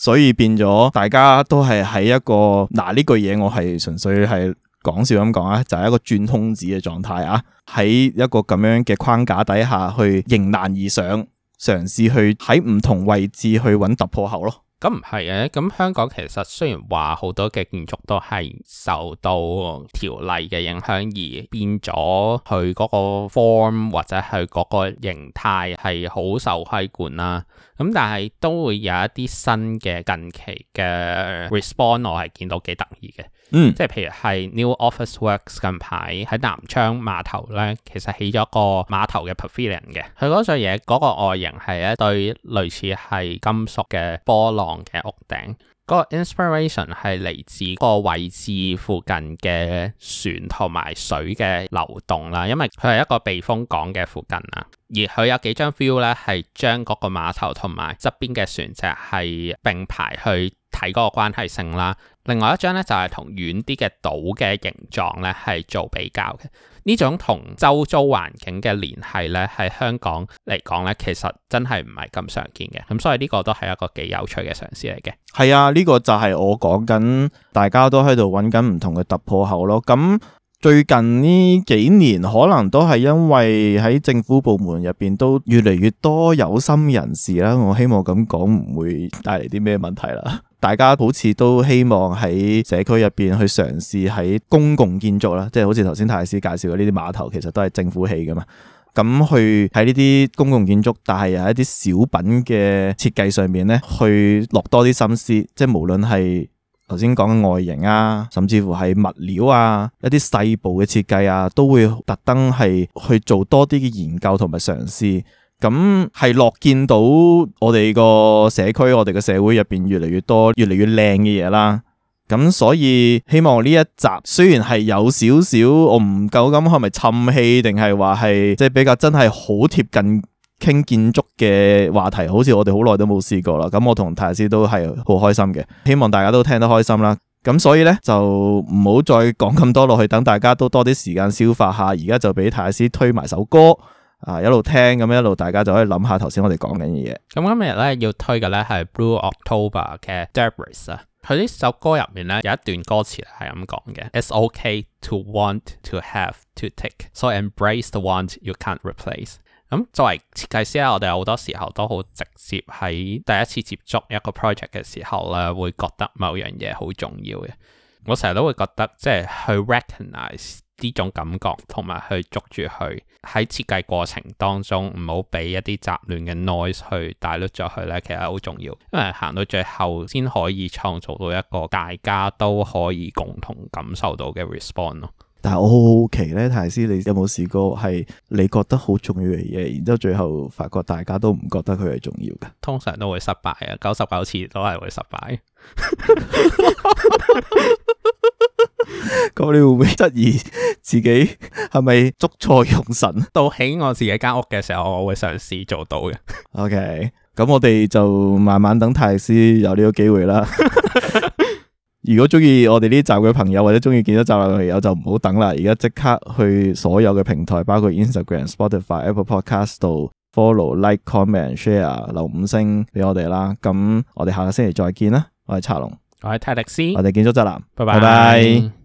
所以變咗，大家都係喺一個嗱呢句嘢，我係純粹係講笑咁講啊，就係一個轉通子嘅狀態啊。喺一個咁樣嘅框架底下去迎難而上，嘗試去喺唔同位置去揾突破口咯。咁唔係嘅，咁香港其實雖然話好多嘅建築都係受到條例嘅影響而變咗佢嗰個 form 或者係嗰個形態係好受規管啦。咁但係都會有一啲新嘅近期嘅 response 我係見到幾得意嘅，嗯，即係譬如係 New Office Works 近排喺南昌碼頭咧，其實起咗個碼頭嘅 pavilion 嘅，佢嗰樣嘢嗰個外形係一對類似係金屬嘅波浪嘅屋頂。嗰個 inspiration 係嚟自個位置附近嘅船同埋水嘅流動啦，因為佢係一個避風港嘅附近啦。而佢有幾張 view 咧，係將嗰個碼頭同埋側邊嘅船隻係並排去睇嗰個關係性啦。另外一張咧就係同遠啲嘅島嘅形狀咧係做比較嘅。呢種同周遭環境嘅聯繫咧，喺香港嚟講咧，其實真係唔係咁常見嘅。咁所以呢個都係一個幾有趣嘅嘗試嚟嘅。係啊，呢個就係我講緊，大家都喺度揾緊唔同嘅突破口咯。咁最近呢幾年，可能都係因為喺政府部門入邊都越嚟越多有心人士啦，我希望咁講唔會帶嚟啲咩問題啦。大家好似都希望喺社區入邊去嘗試喺公共建築啦，即係好似頭先泰師介紹嘅呢啲碼頭，其實都係政府起噶嘛。咁去喺呢啲公共建築，但係有一啲小品嘅設計上面咧，去落多啲心思，即係無論係。頭先講嘅外形啊，甚至乎係物料啊，一啲細部嘅設計啊，都會特登係去做多啲嘅研究同埋嘗試。咁係樂見到我哋個社區，我哋嘅社會入邊越嚟越多，越嚟越靚嘅嘢啦。咁所以希望呢一集雖然係有少少我唔夠咁，係咪滲氣定係話係即係比較真係好貼近？傾建築嘅話題，好似我哋好耐都冇試過啦。咁我同泰師都係好開心嘅，希望大家都聽得開心啦。咁所以呢，就唔好再講咁多落去，等大家都多啲時間消化下。而家就俾泰師推埋首歌啊，一路聽咁一路大家就可以諗下頭先我哋講緊嘅嘢。咁今日呢，要推嘅呢係 Blue October 嘅 Debris 啊。佢呢首歌入面呢，有一段歌詞係咁講嘅：It's okay to want to have to take, so embrace the want you can't replace。咁作為設計師咧，我哋好多時候都好直接喺第一次接觸一個 project 嘅時候咧，會覺得某樣嘢好重要嘅。我成日都會覺得，即係去 recognize 呢種感覺，同埋去捉住佢喺設計過程當中，唔好俾一啲雜亂嘅 noise 去帶亂咗佢咧，其實好重要。因為行到最後先可以創造到一個大家都可以共同感受到嘅 response 咯。但係我好好奇咧，泰斯，你有冇試過係你覺得好重要嘅嘢，然之後最後發覺大家都唔覺得佢係重要嘅？通常都會失敗啊，九十九次都係會失敗。咁你會唔會質疑自己係咪捉錯用神？到起我自己間屋嘅時候，我會嘗試做到嘅。OK，咁我哋就慢慢等泰斯有呢個機會啦。如果中意我哋呢集嘅朋友，或者中意建築宅男嘅朋友，就唔好等啦，而家即刻去所有嘅平台，包括 Instagram、Spotify、Apple Podcast 度 follow、follow, like、comment、share，留五星俾我哋啦。咁我哋下個星期再見啦。我係茶龍，我係泰迪斯，我哋建築宅男啦，拜拜 bye。Bye bye。